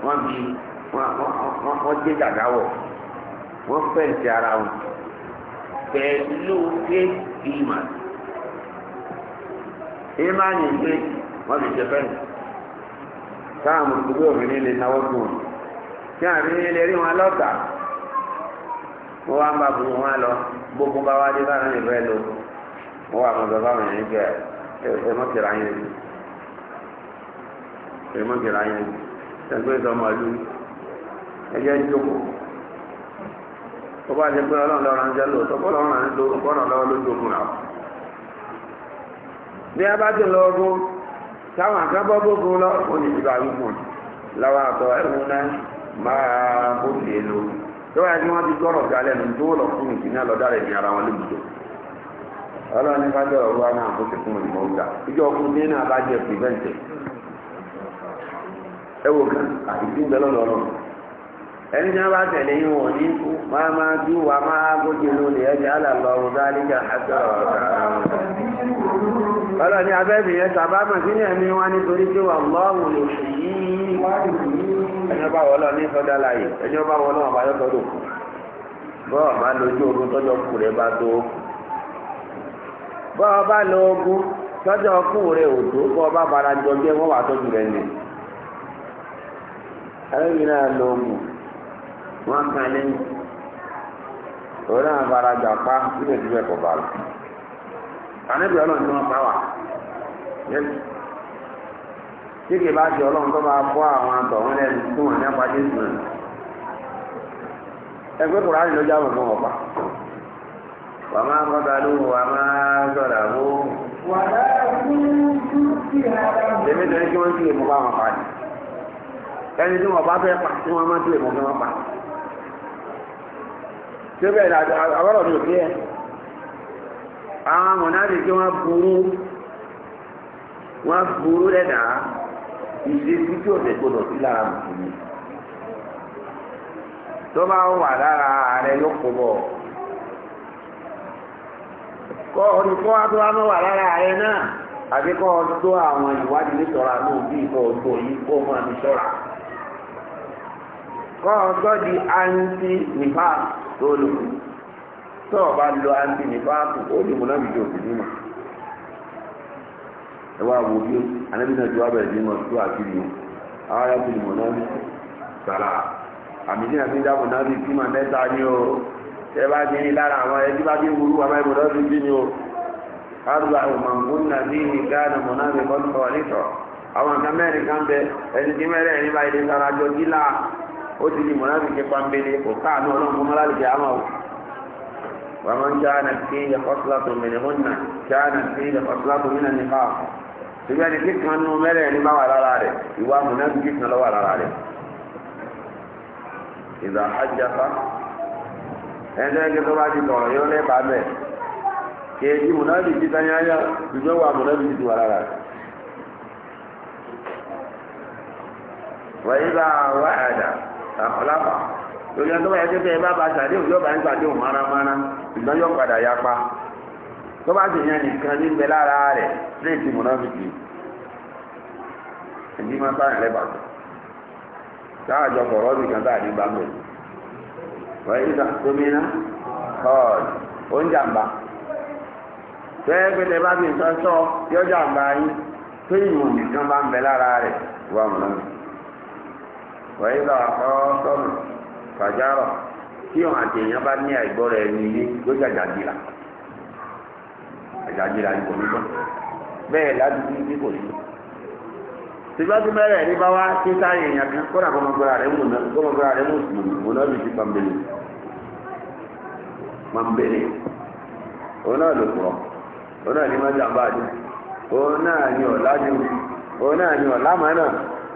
wọ́n bí wọ́n dé dàgbà wọ̀ wọ́n fẹ̀ǹtì ara wọn pẹ̀lú kéèkì ìmọ̀ ìmọ̀ ni pé wọ́n fi jẹ fẹ́ǹtì táwọn mùsùlùmí obìnrin lè náwó fún wọn tí àbí nílé rí wọn lọ́tà wọ́n wá ń bá burú wọn lọ gbogbo bá wá dé bá wọn lè fẹ́ lò wà mọ̀ bàbá wọn yẹn jẹ́ ẹ̀ ẹ̀ mọ̀ tẹ̀ra yẹn lò. ẹ̀mọ́gìrà yẹn ẹgbẹ́ ìdánmọ̀ ìlú na ìjókòó ọba jẹ́ pé ọlọ́run a bá ti lọ ogun táwọn akábọ́ gbógun tó ti tó lọ fún ara wọn ọlọ́run ní fájọ́ ọ̀rọ̀ wa náà ti fún ọ̀gá ìjọ náà bá ẹwọ kan àìsí ìgbẹ́ lọ́nà ọ̀rọ̀ ẹni tí wọ́n bá tẹ̀lé yín wọ̀ ní kú máa máa bí wà máa gbójú inú àti ní abẹ́bí yẹn sábà mọ̀ sí ní ẹ̀mí wọn nítorí pé ẹni lọ ní láàyè ẹni lọ́wọ́ bá lò bọ́ọ̀ bá lójú ogun tọ́jọ́ kù rẹ̀ bá tó bọ́ọ̀ bá lọ ogun tọ́jọ́ kù rẹ̀ bọ́ọ̀ bá ẹ̀rí náà lọ mù wọ́n kan lẹ́yìn òun náà fara gbà pa síbẹ̀ síbẹ̀ bá lọ. àníbi ọlọ́run tí wọ́n pa wà tí kì bá ti ọlọ́run tó bá kọ́ àwọn àtọ̀wọ́n lẹ́nu tí wọ́n ní apájé sùn náà. ẹgbẹ́ kura ni lọ́jà wọn fún ọ̀pá. wàmà kọ́tàlú wàmà sọ̀rọ̀ àbó. wàhálà fún jù sí ẹni tí wọn bá fẹ́ pa tí wọn máa ń tilè mọ́ fẹ́ wọn pa tí ó bẹ̀rẹ̀ àbọ̀rọ̀ mi ò fi ẹ̀ àwọn mọ̀nàdì tí wọ́n burú wọ́n burú lẹ́dà ìṣesí tí ò tẹ̀ gbọdọ̀ sí lára mùsùlùmí tó bá wà lára ààrẹ yóò kó bọ̀ kọ́ olùkọ́ wa tó wá mọ́ wà lára ààrẹ náà àbíkọ́ ọdún tó àwọn ìwádìí nítorá náà bí ìkọ́ yìí kó máa ní sọ́ra kọ́ ọgbọ́n di anti nìfà tó lò tó o bá lo anti nìfà kù ó lè mú náà bìí òkú nímọ̀ ẹ wá wo bí anábì náà ti wá bẹ̀rẹ̀ nímọ̀ tó àkìlì o àwọn ará ti mọ̀ náà sàrà àmì tí nàbí dáàbò náà ti tìmọ̀ mẹ́ta ní o tẹ bá ti ní lára àwọn ẹbí bá ti ń wúlú wàmẹ́ ìmọ̀ náà ti dín o káàdùn àwọn mọ̀ngún náà ní ìgbà mọ̀ náà kọ́ àwọn nǹkan mẹ́rin kan bẹ ẹni tí mẹ́rẹ̀ẹ́rin bá ilé sára jọ dílà ó ti di mọ̀nàfíkì pàmbélé kò káàánú ọlọ́run fún mọ́lálìkì àmọ́ o. wàmọ́n jáàna sí ilẹ̀ kọ́sílátò mẹ́rin hónà jáàna sí ilẹ̀ kọ́sílátò mẹ́rin nípa ṣùgbọ́n ẹni tí kan nú mẹ́rẹ̀ ní bá wà lára rẹ̀ ìwà mọ̀nàfíkì kan lọ́wọ́ lára rẹ̀. ìdá ajáfa ẹ̀ńdẹ́gẹ́ tó bá ti tọ̀rọ̀ yóò lẹ́bàá bẹ̀ kèèjì mọ̀nàfíkì tanyáyá ṣùgbọ́n wà mọ̀nàfíkì ti wà lára rẹ̀. وإذا وعد àfọláfà lórí ọdún wáyé pé bá ba sàdé òun bá ń sàdé òun máramárá ìgbọ́n yóò padà ya tó bá sì yan nìkan níbẹ̀ lára rẹ̀ lè ti múná fi ẹ̀dí máa bá jọ bá wọ́n oúnjàmbá pété bá fi yọjàmbá yín tó nìkan bá ń bẹ lára rẹ̀ wàyíbà ọ̀sọ́rù fàjárọ̀ tí òun àti èèyàn bá ní àìgbọ́ rẹ̀ ní ilé ló jẹ́ àjàgbìlà àjàgbìlà ni kò ní gbọ́ bẹ́ẹ̀ ládùúgbò ní kò sí. tí bẹ́ẹ̀ ní bá wá tí sáré èèyàn kan rẹ̀ mú rẹ̀ mú náà lè fi pàmbélé pàmbélé òun náà pọ̀ òun náà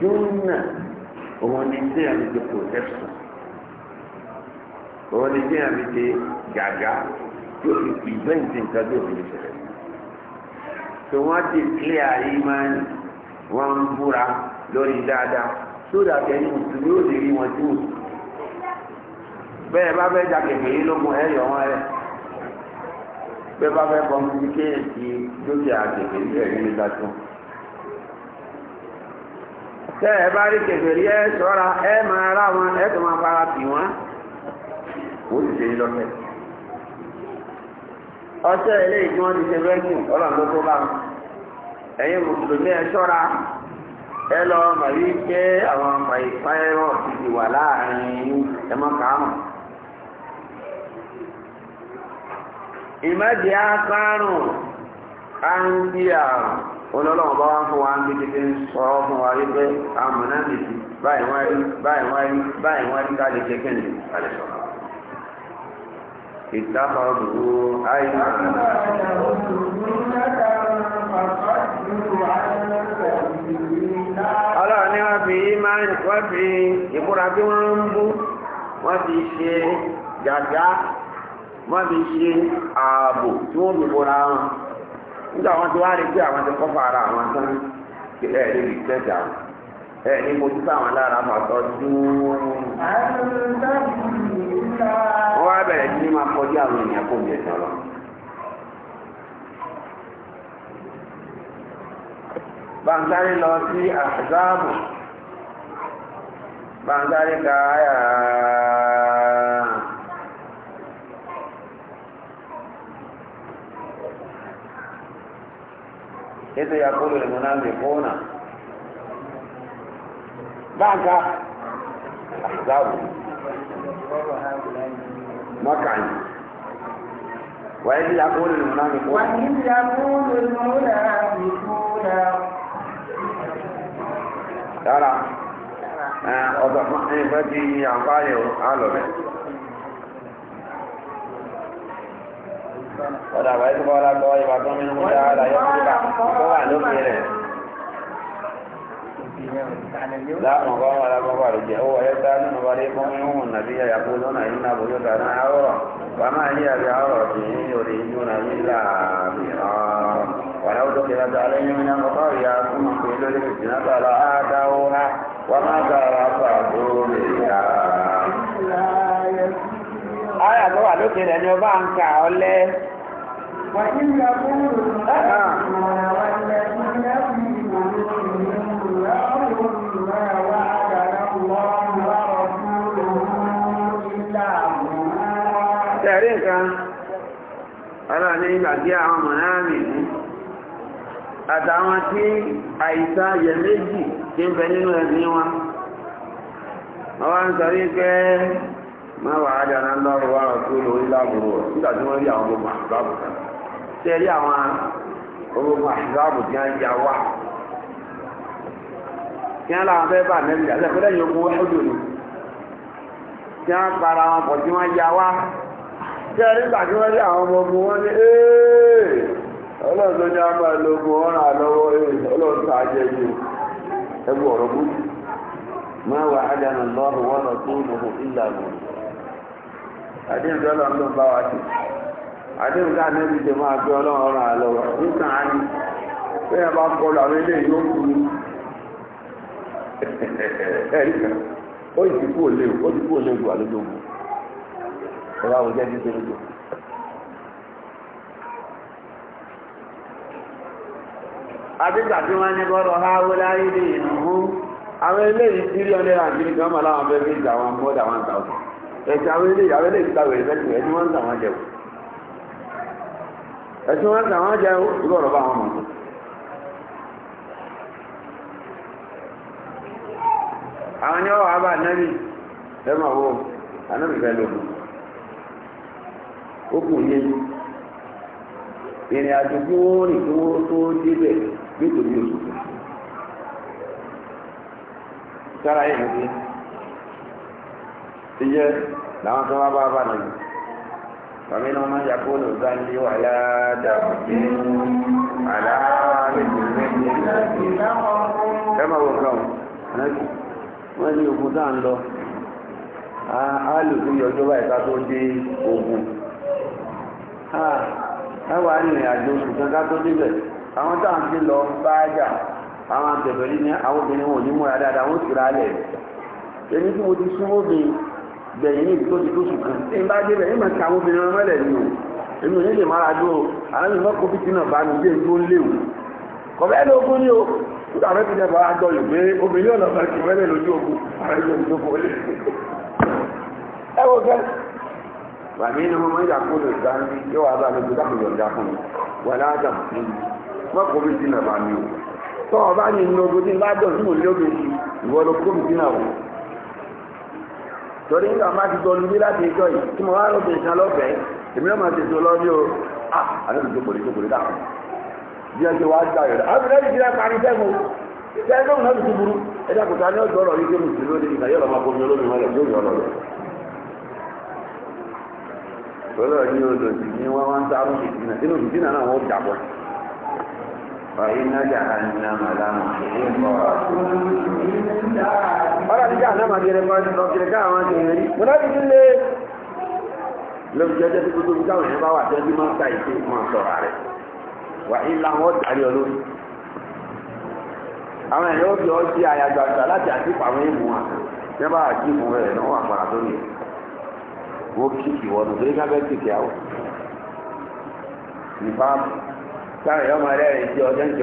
júnà òun ni a lè ṣe protection òun ni tí a lè ṣe gàgá tó fi prevent nǹkan tó fi lè ṣẹlẹ̀ tó wọ́n ti clear imani wọ́n ń búra lórí dáadáa sódà kẹ́ni mùsùlùmí ó lè rí wọn tí mùsùlùmí bẹ́ẹ̀ bá fẹ́ jà kẹ̀kẹ́ yìí lógun ẹ̀ yọ̀ wọ́n rẹ̀ bẹ́ẹ̀ bá fẹ́ kọ́mùtíkéèkì dúkìá kẹ̀kẹ́ yìí ẹ̀rí lè dá tún. tẹ́ ẹ bá rí kèfèrí ẹ ṣọ́ra ẹ máa wọn ẹ tó máa fara tì wọ́n ó sì ṣe lọ́tẹ̀ ọṣẹ́ ilé ìjọ wọn ti ṣe rẹ́gùn ọlọ́run tó bá wọn mùsùlùmí ẹ ṣọ́ra ẹ lọ màrí pé àwọn ti ti wà láàrin olólùwọ̀n bá wá fún wa ń bíbi tí ń sọ̀rọ̀ fún wa wípé amúnà nìkì báyìí wá rí báyìí wá rí báyìí wá rí káàdì kékeré ní ìpàdé sọ̀rọ̀. ìtàkọ̀ dùrú ayé náà. ọlọ́run ni wọ́n fi máa ń wọ́n fi ìkúra bí wọ́n ń bú wọ́n fi ṣe gàgá wọ́n fi ṣe ààbò tí wọ́n fi bora wọn. ndị wọn ti wá rí pé ti kọ́ ara àwọn tán ẹ lè rí tẹ̀sí àwọn mo ti sáwọn lára mọ̀ tọ́jú. wọ́n wá bẹ̀rẹ̀ sí ní máa kọjú àwọn kò ní كيف يقول المنافقون بعد أحزاب مقعد وإذ يقول المنافقون وإذ يقول المنافقون ترى أضحى إيه بدي أعطاني أعلمه ọ̀dà àbáyé tó bá wà lágbọ́ ìwà tó ń mú dáadáa láyé tó bá tó wà lókè rẹ̀. láàmú bá wà lágbọ́ wà lójì ó wà yẹta nínú wà lé fún ìhùn nàbí àyàkó lọ́nà yìí náà bójú ta náà ọ̀rọ̀ wà máa yí àbí ọ̀rọ̀ sí ní orí ìlú náà yìí láàmì ọ̀rọ̀ wà láwùjọ tó kẹlẹ́ tó alẹ́ yín náà kọ́kọ́ ìyá fún mi pé lórí ìsìn náà tó àlọ́ àádáwó ha wà má gbà wà fà dóore. àyà tó wà lókè rẹ̀ ni ọba ń kà ọ Tẹ̀rí nǹkan, ọlọ́run ní ìgbà àwọn ọmọ náà àtàwọn tí àìsàn yẹ méjì tí ń bẹ nínú wọn. Wọ́n ń sọ wípé Ma wà á dáná lọ́rùn wá onye lórí láàbùrù rẹ̀ nígbà tí wọ́n rí ahụ bụ àṣìbáàbù kan ṣe rí tí wọ́n ya wá kí tí wọ́n ya ahụ bụ rí àwọn ọmọ ogun wọn ní ọlọ́ọ̀tún ní a máa lo ogun ọ̀ràn àlọ́wọ́ ọlọ́ọ̀tún àjẹjù ẹgbẹ́ ọ̀rọ̀ wà á àdéhùn tó ló ń bá wa ti àdéhùn tó ànẹ́bí tó máa gbé ọlọ́run ọ̀rọ̀ àlọ́wọ́ nígbà á pé ẹ bá àwọn eléyìí ó kú ní ó ti kú òlé ó ti kú òlé ẹ bá ẹ̀sìn àwọn ilé ìyàwó ilé ìgbà wẹ̀rẹ̀ mẹ́sìn ẹni wọ́n ń tà wọ́n jẹun ẹ̀sìn wọ́n ń tà wọ́n jẹun lọ́rọ̀ bá wọn mọ̀ àwọn ni ọwọ́ abá nẹ́bí ẹ máa wọ anábì fẹ́ lòun ó kù yé ìrìn àjò tí wọ́n rìn tí wọ́n tó débẹ̀ nítorí oṣù tó sára yìí nìyí ìyẹ́ làwọn tó wá bá bá nà yìí wàmí ni wọ́n máa ń yàgò lò gbáǹdì wà ládàbò kí aláàbẹ̀tì ẹ máa wọ nǹkan wọ́n ní ogun tá à ń lọ á lò fún yọjọ́ báyìí ká tó dé ogun ẹwà arìnrìn àjò oṣù kan ká tó débẹ̀ àwọn tá à ń fi lọ bá jà àwọn àtẹ̀bẹ̀rí ní àwọn obìnrin wọn ò ní múra dáadáa wọ́n sì ra alẹ̀ èmi tí mo ti súnmọ́ obìnrin bẹ̀yìn ní ìdíkó ti tóṣù kan tí n bá dé bẹ̀yìn máa ti obìnrin ọmọ ni o èmi ò ní lè dúró àwọn ìmọ̀ bá mi dé léwu kọ̀bẹ́ ló ní o nígbà fẹ́ ti bá jọ lò pé obìnrin ọ̀nà bá ti wẹ́lẹ̀ lójú ogun ara ìjọ ìjókòó lè ẹ wo gẹ́ bàmí yóò wá bá mi tó dákùn yọ̀ǹda fún mi wà torí nígbà máa ti gbọ́nu bí láti ẹjọ́ yìí tí mo wá lóde ìsan lọ́fẹ̀ẹ́ èmi náà máa ti sọ lọ́dí o à àlejò tó kòlè tó kòlè dà bí ẹ ṣe wá gbà yọ̀dá àwọn ìrẹsì ti rẹ parí sẹ́gun sẹ́gun náà ti burú ẹ̀dá kò sá ní ọjọ́ ọ̀rọ̀ yìí kéwù sí lóde ìgbà yọ̀rọ̀ máa bomi olómi wọn lọ yóò yọ̀ lọ́dọ̀ lọ́dọ̀ ní odò sì ni wọ́n wá ń sáré fìtínà nínú fìtínà náà wọ́n jà bọ́ náà jẹ́ lọ́kìrì káwọn ti rí mọ́nàbí ti lé lóbi jẹ́jẹ́ tí gbogbo ìgbà òyìnbó bá wà jẹ́ bí máa ń ta ìṣe máa sọ̀rọ̀ rẹ̀ wà ilà wọn darí ọ lórí àwọn èèyàn ó fi ọ sí àyàjọ àgbà láti àti pàwọn èèmù wa jẹ́ bá àti ìmú rẹ̀ náà wà padà lórí ẹ̀ wọ́n kíkì wọnú torí káfẹ́ kíkì àwọ̀ nípa táwọn èèyàn máa rẹ́rìn ọjọ́ ń ti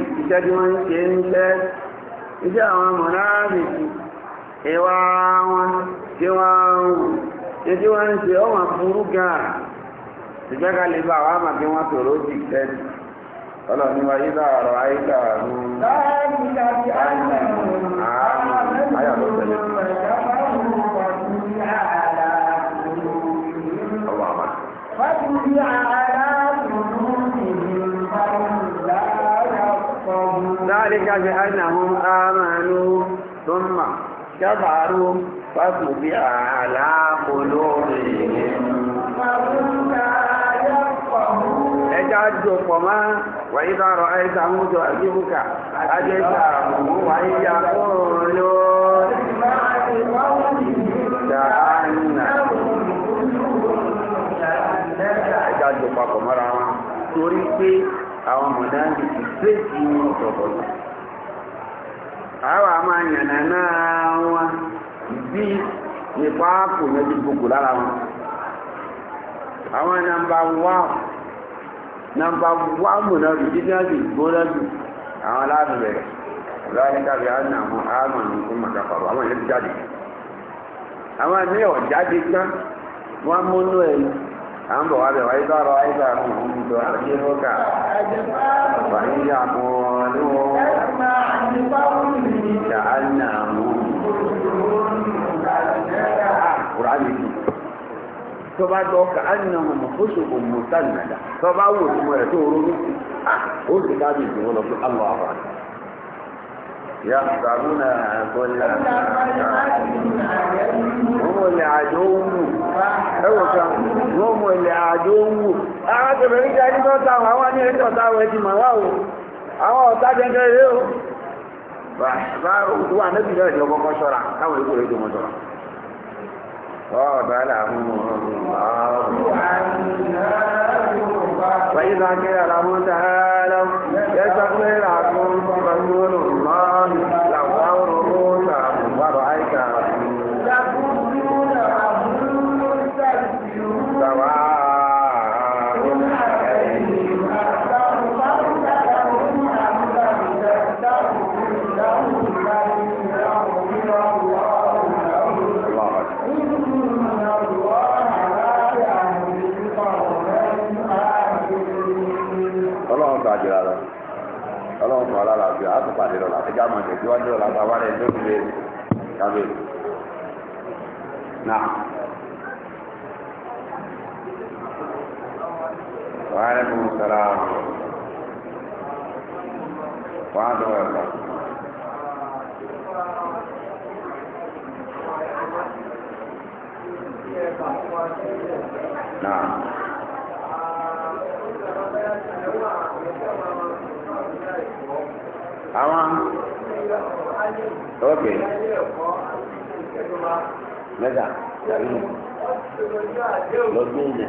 iṣẹ́ tí wọ́n ń ṣe ń tẹ́ iṣẹ́ àwọn mọ̀láàbìkì ìwà wọn tí wọ́n ń wù ní tí wọ́n ń ṣe ọmọ burú gan-an ìgbẹ́ka lè bá àwọn àmàbí wọn tòró jì tẹ́lẹ̀ ọlọ́ni wa yíká ọ̀rọ̀ àyíká ọ̀run ààrùn ayà ló tẹ̀lé ọwọ́ àmà. ذلك بأنهم آمنوا ثم كفروا فطبع على قلوبهم ẹjá jò pọ̀ máa wàyí dárọ̀ ẹ̀ta mú jọ àjíbùkà ajẹ́ta mú wàyí ya kúrò ló dáánà ẹjá jò papọ̀ mọ́ra wọn torí pé àwọn mọ̀dáńdì ti pèsè ní ọ̀tọ̀ọ̀tọ̀ àwọn àmà yànnà náà wọn bí nípa àpò yẹn gbogbo lára wọn àwọn nàmbà wá nàmbà wá mọ̀dáńdì tí wọ́n ti àwọn aláàbò bẹ̀rẹ̀ àwọn àmọ́ àwọn jáde àwọn ọ̀ أم بعد وإذا رأيتهم تعجبك وإن يقولوا كأنهم قرآن يجيب tó bá jọ ka á nà mọ̀ fóṣù òmù sànàdà tó bá wò ó mọ̀ rẹ̀ tó rọ́ ó sì dábì ìdíwọ́ lọ fún aláwọ̀ àbáyé يحذرون كل هم العدو ẹwọ kan wọ́n mọ̀ ilẹ̀ àjò ń wù arábìnrin jẹ́ ní tọ́ta àwọn ní ẹjọ́ táwọn ẹjì mọ̀ wá o àwọn ọ̀tá jẹ́jẹ́ rẹ̀ o bá òkú wà níbi náà ìjọ kọ́kọ́ ṣọ́ra káwọn ikú rẹ̀ jọmọ ṣọ́ra ọ̀dọ́ àlàáfún ọ̀rọ̀ فإذا قيل لهم تعالوا يستغفر لكم رسول الله لو رؤوسهم ورأيتهم سواء tó pàdé lọ́la ẹjọ́ àmọ́ ìtẹ̀síwájú lọ́la bá wà lẹ́yìn tó fi lè kábíyèsí. náà wàhálà fún sara wàhálà tó wà lọ. náà. Thank you àwọn ok mẹ́ta tàbí lọ́dún ìjẹ.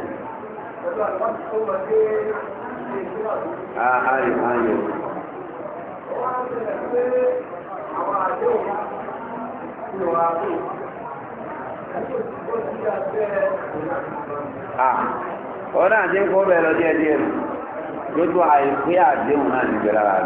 Ààrẹ ààrẹ. Ọ̀rọ̀ àti ń kọ́ bẹ̀rẹ̀ lọ́jọ́ ẹ̀dí ẹ̀rù lójú àìpé àdéhùn náà nìgbẹ̀rẹ̀ rẹ̀.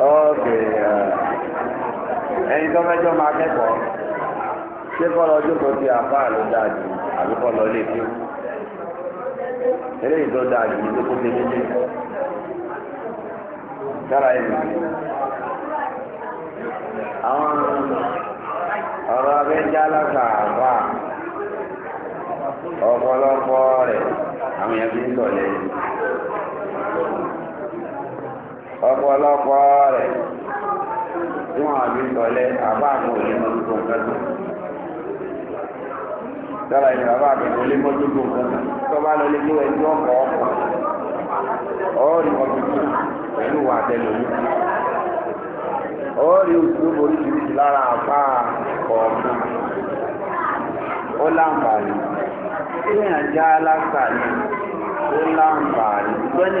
ọ̀kẹ́ eh. ẹni tó mẹ́jọ máa kẹ́kọ̀ọ́ ṣé kọ́ lọ jókòó ti àbá ló dáa jù àbí kọ́ lọ lé fi eléyìí tó dáa jù tó kó ti nílé dára ẹ̀ nìyí àwọn ọ̀rọ̀ abẹ́já ọ̀pọ̀lọpọ̀ rẹ̀ àwọn yẹn fi ń ọ̀pọ̀lọpọ̀ rẹ̀ tí wọ́n àbí sọlẹ̀ àbá àwọn òní mọ́tòkò nǹkan tó. Dọ́là ìlú àbá àbí òní mọ́tòkò nǹkan tó. Tọ́ba lọ lé lóhùn ẹni ọkọ̀ ọkọ̀. Ọ̀ọ́rì ọ̀tútù pẹ̀lú wà tẹ̀lómi. Ọ̀ọ́rì òṣùwò oríṣiríṣi lára àbá kọ̀ọ̀kan. Ó láǹbààrí. Ìrìn àjá aláṣà ni ó láǹbààrí. Gbẹ́ni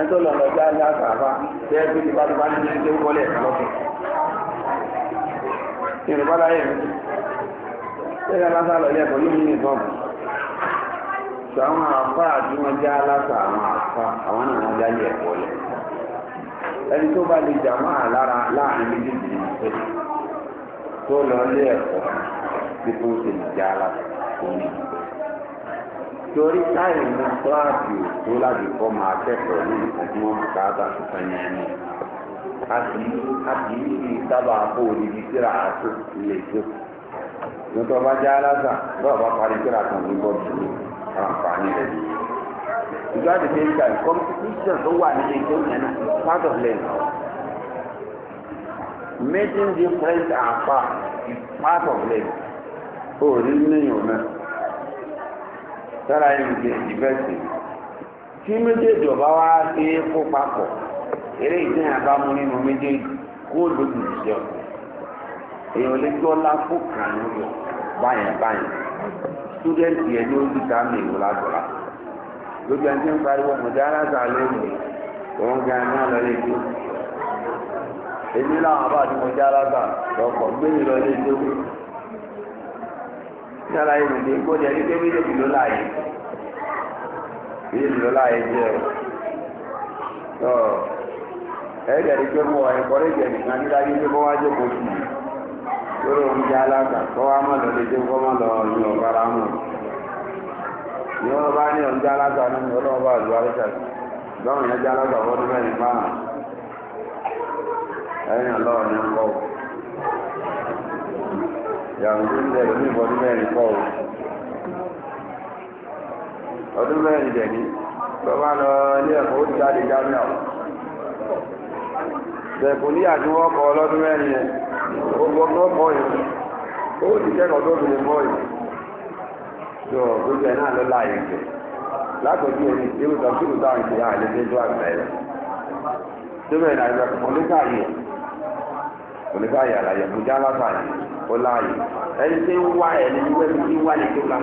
ẹ̀tọ́ lọ lọ́jọ́ ajá àfààfà tẹ́ ẹ́ bíi bàbá ní ní tó kọ́lé ẹ̀ka lọ́kùn. Yorùbá láyé mi tẹ́lẹ̀ bá sálọ ilé ẹ̀kọ́ lómi nìkan. Sọ àwọn àfa àti wọn já aláṣà àwọn àfa àwọn náà wọn já ilé ẹ̀kọ́ lẹ̀. Ẹni tó bá lè jà máa lára láàrin méjèèjì ní ìfẹ́ tó lọ ilé ẹ̀kọ́ tí sì ní já aláṣà òun ní ìfẹ́ torí táyì ní kíláàsì òkú láti kọ́ máa kẹ́kọ̀ọ́ ní nǹkan tí wọ́n kà á bá tuntun yẹn ni a kì í a kì í fi sábà kó odidi síra àtó lè tó nítorí ọba jẹ́ alága bọ́ọ̀ bá parí síra kan ní bọ́ọ̀dù ní àǹfààní rẹ̀ yìí. ìjọ àti ṣe ń gbà tó wà nílé tó yẹn ní part of learning making difference and far is part of learning. ó rí nínú ìyọ̀n náà sára ìrìnkè ìbẹ́sì tí méjèèjì ọba wá sí kó papọ̀ eré ìdíyàn abámu nínú méjèèjì kó lòdì sí ọkọ̀ èèyàn lè gbọ́ lápò kan lórí báyẹn báyẹn sítúdẹ̀ntì ẹ̀ ní ojú ká mi ìwò lágbọ̀lá gbogbo ẹni tí ń pariwo mọ̀já alága lónìí òun gan náà lọ lè dé èmi láwọn abáàdì mọ̀já alága lọkọ̀ gbé mi lọ lè sára ìrìndé gbọ́dọ̀ ní pé méjèèjì ló láàyè méjèèjì ló láàyè jẹ́ ọ ẹ̀ẹ́dẹ̀ ní pé mo wà ẹ̀kọ́ lè jẹ̀ nìkan nígbà yí pé kó wá jókòó sí i lórí omi jẹ́ alága kó wá má lọ lè jẹ́ kó má lọ ní ọ̀bára mọ̀ ní wọ́n bá ní ọ̀n jẹ́ alága nínú ọlọ́wọ́ bá lu àríkà lọ́rùn yẹn jẹ́ alága fọ́dún mẹ́rin márùn-ún ẹ̀yìn ọlọ́run ní ń kọ́ wọ́n yàǹgó ọdún mẹ́rin kọ́ ní tó bá lọ ilé ẹ̀kọ́ ti jáde jámíà bẹ̀kù ní àdúgbò ọlọ́dún mẹ́rin yẹn gbogbo yìí ó ti kẹ́kọ̀ọ́ tó fi mọ́ yìí tó gbogbo ẹ̀ náà ló láàyè kò ní báyìí àlàyé lábàá yìí ó láàyè ẹni tí ń wá ẹni tí wẹ́n ti wá ní kéwà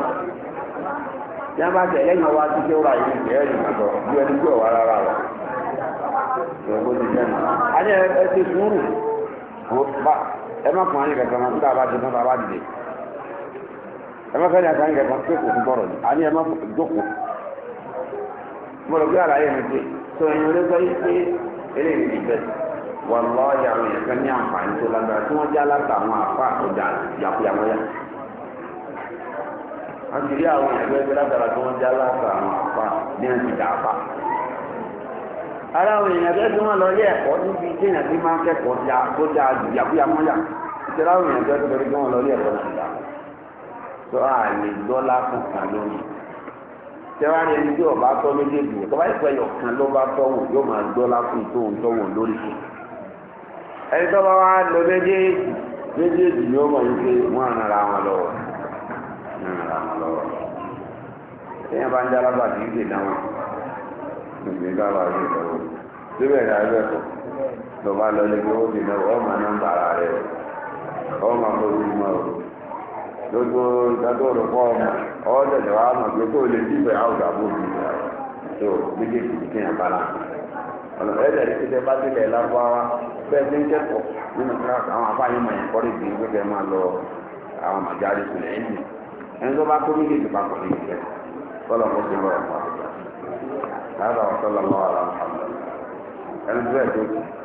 tí a bá tẹ ẹlẹ́yìn ọwọ́ àti kéwà yìí kẹ́ ẹ̀rì àtọ̀ ju ẹni tí ọ̀wá rárá rẹ̀ ìwọ̀n bó ti sẹ́nu. a ní ẹ ti sùúrù ẹ má kàn án ní máa bá dìde ẹ má fẹ́ni pé kò fún ni a ní ẹ má jókòó mo wàlọ́ àwọn èèyàn kan ní àǹfààní tó lágbára tí wọ́n já látàwọn àfa àtọ́jà yàkúyàmọ́yà àtìrí àwọn èèyàn ẹgbẹ́ látara tí wọ́n já látàwọn àfa ní àtìdá àfa ara àwọn èèyàn ẹgbẹ́ tí wọ́n lọ ilé ẹ̀kọ́ níbi tí èèyàn ti máa ń kẹ́kọ̀ọ́ ya tó dáa jù yàkúyàmọ́yà ìṣẹ̀lá àwọn èèyàn ẹgbẹ́ tó lórí tí wọ́n lọ ilé ẹ̀kọ́ ìṣẹ̀lá tó a lè dọ́là kankan lónìí tẹ́wárí ẹni tí ọba tọ́ méjèèjì tọ́ba ìpẹ́yọ̀ kan ló bá tọ́wò yóò máa dọ́là fún ìtòhùn tọ́wò lórí fún un e tó bá wá lọ méjèèjì méjèèjì ni ó mọ̀ ní pé wọ́n ń ra wọn lọ́wọ́ ń ra wọn lọ́wọ́ èèyàn bá ń jẹ́ alábà kì í ṣe dáwọn ìgbé bàbá síbẹ̀ kọ̀ tó bá lọ lé pé ó ti ọmọ ara ọmọ gbogbo ìdájọ́ rẹ̀ ọmọ ọ́ mọ̀ pé kó o lè dìbẹ̀ àbúrò tó méjèèjì bá ọ̀nà ẹ̀jẹ̀ rí pé bá délẹ̀ lágbára bẹ́ẹ̀ ní kẹ́kọ̀ọ́ nínú kíláàsì àwọn afáyín mọ̀ yẹn kọ́rí bí wípé máa lọ àwọn màjáde sílẹ̀ ẹ̀yìn ẹni tó bá tó méjèèjì papọ̀ ní ìfẹ́ kọ́lọ̀ kó ti lọ ẹ̀kọ́ àti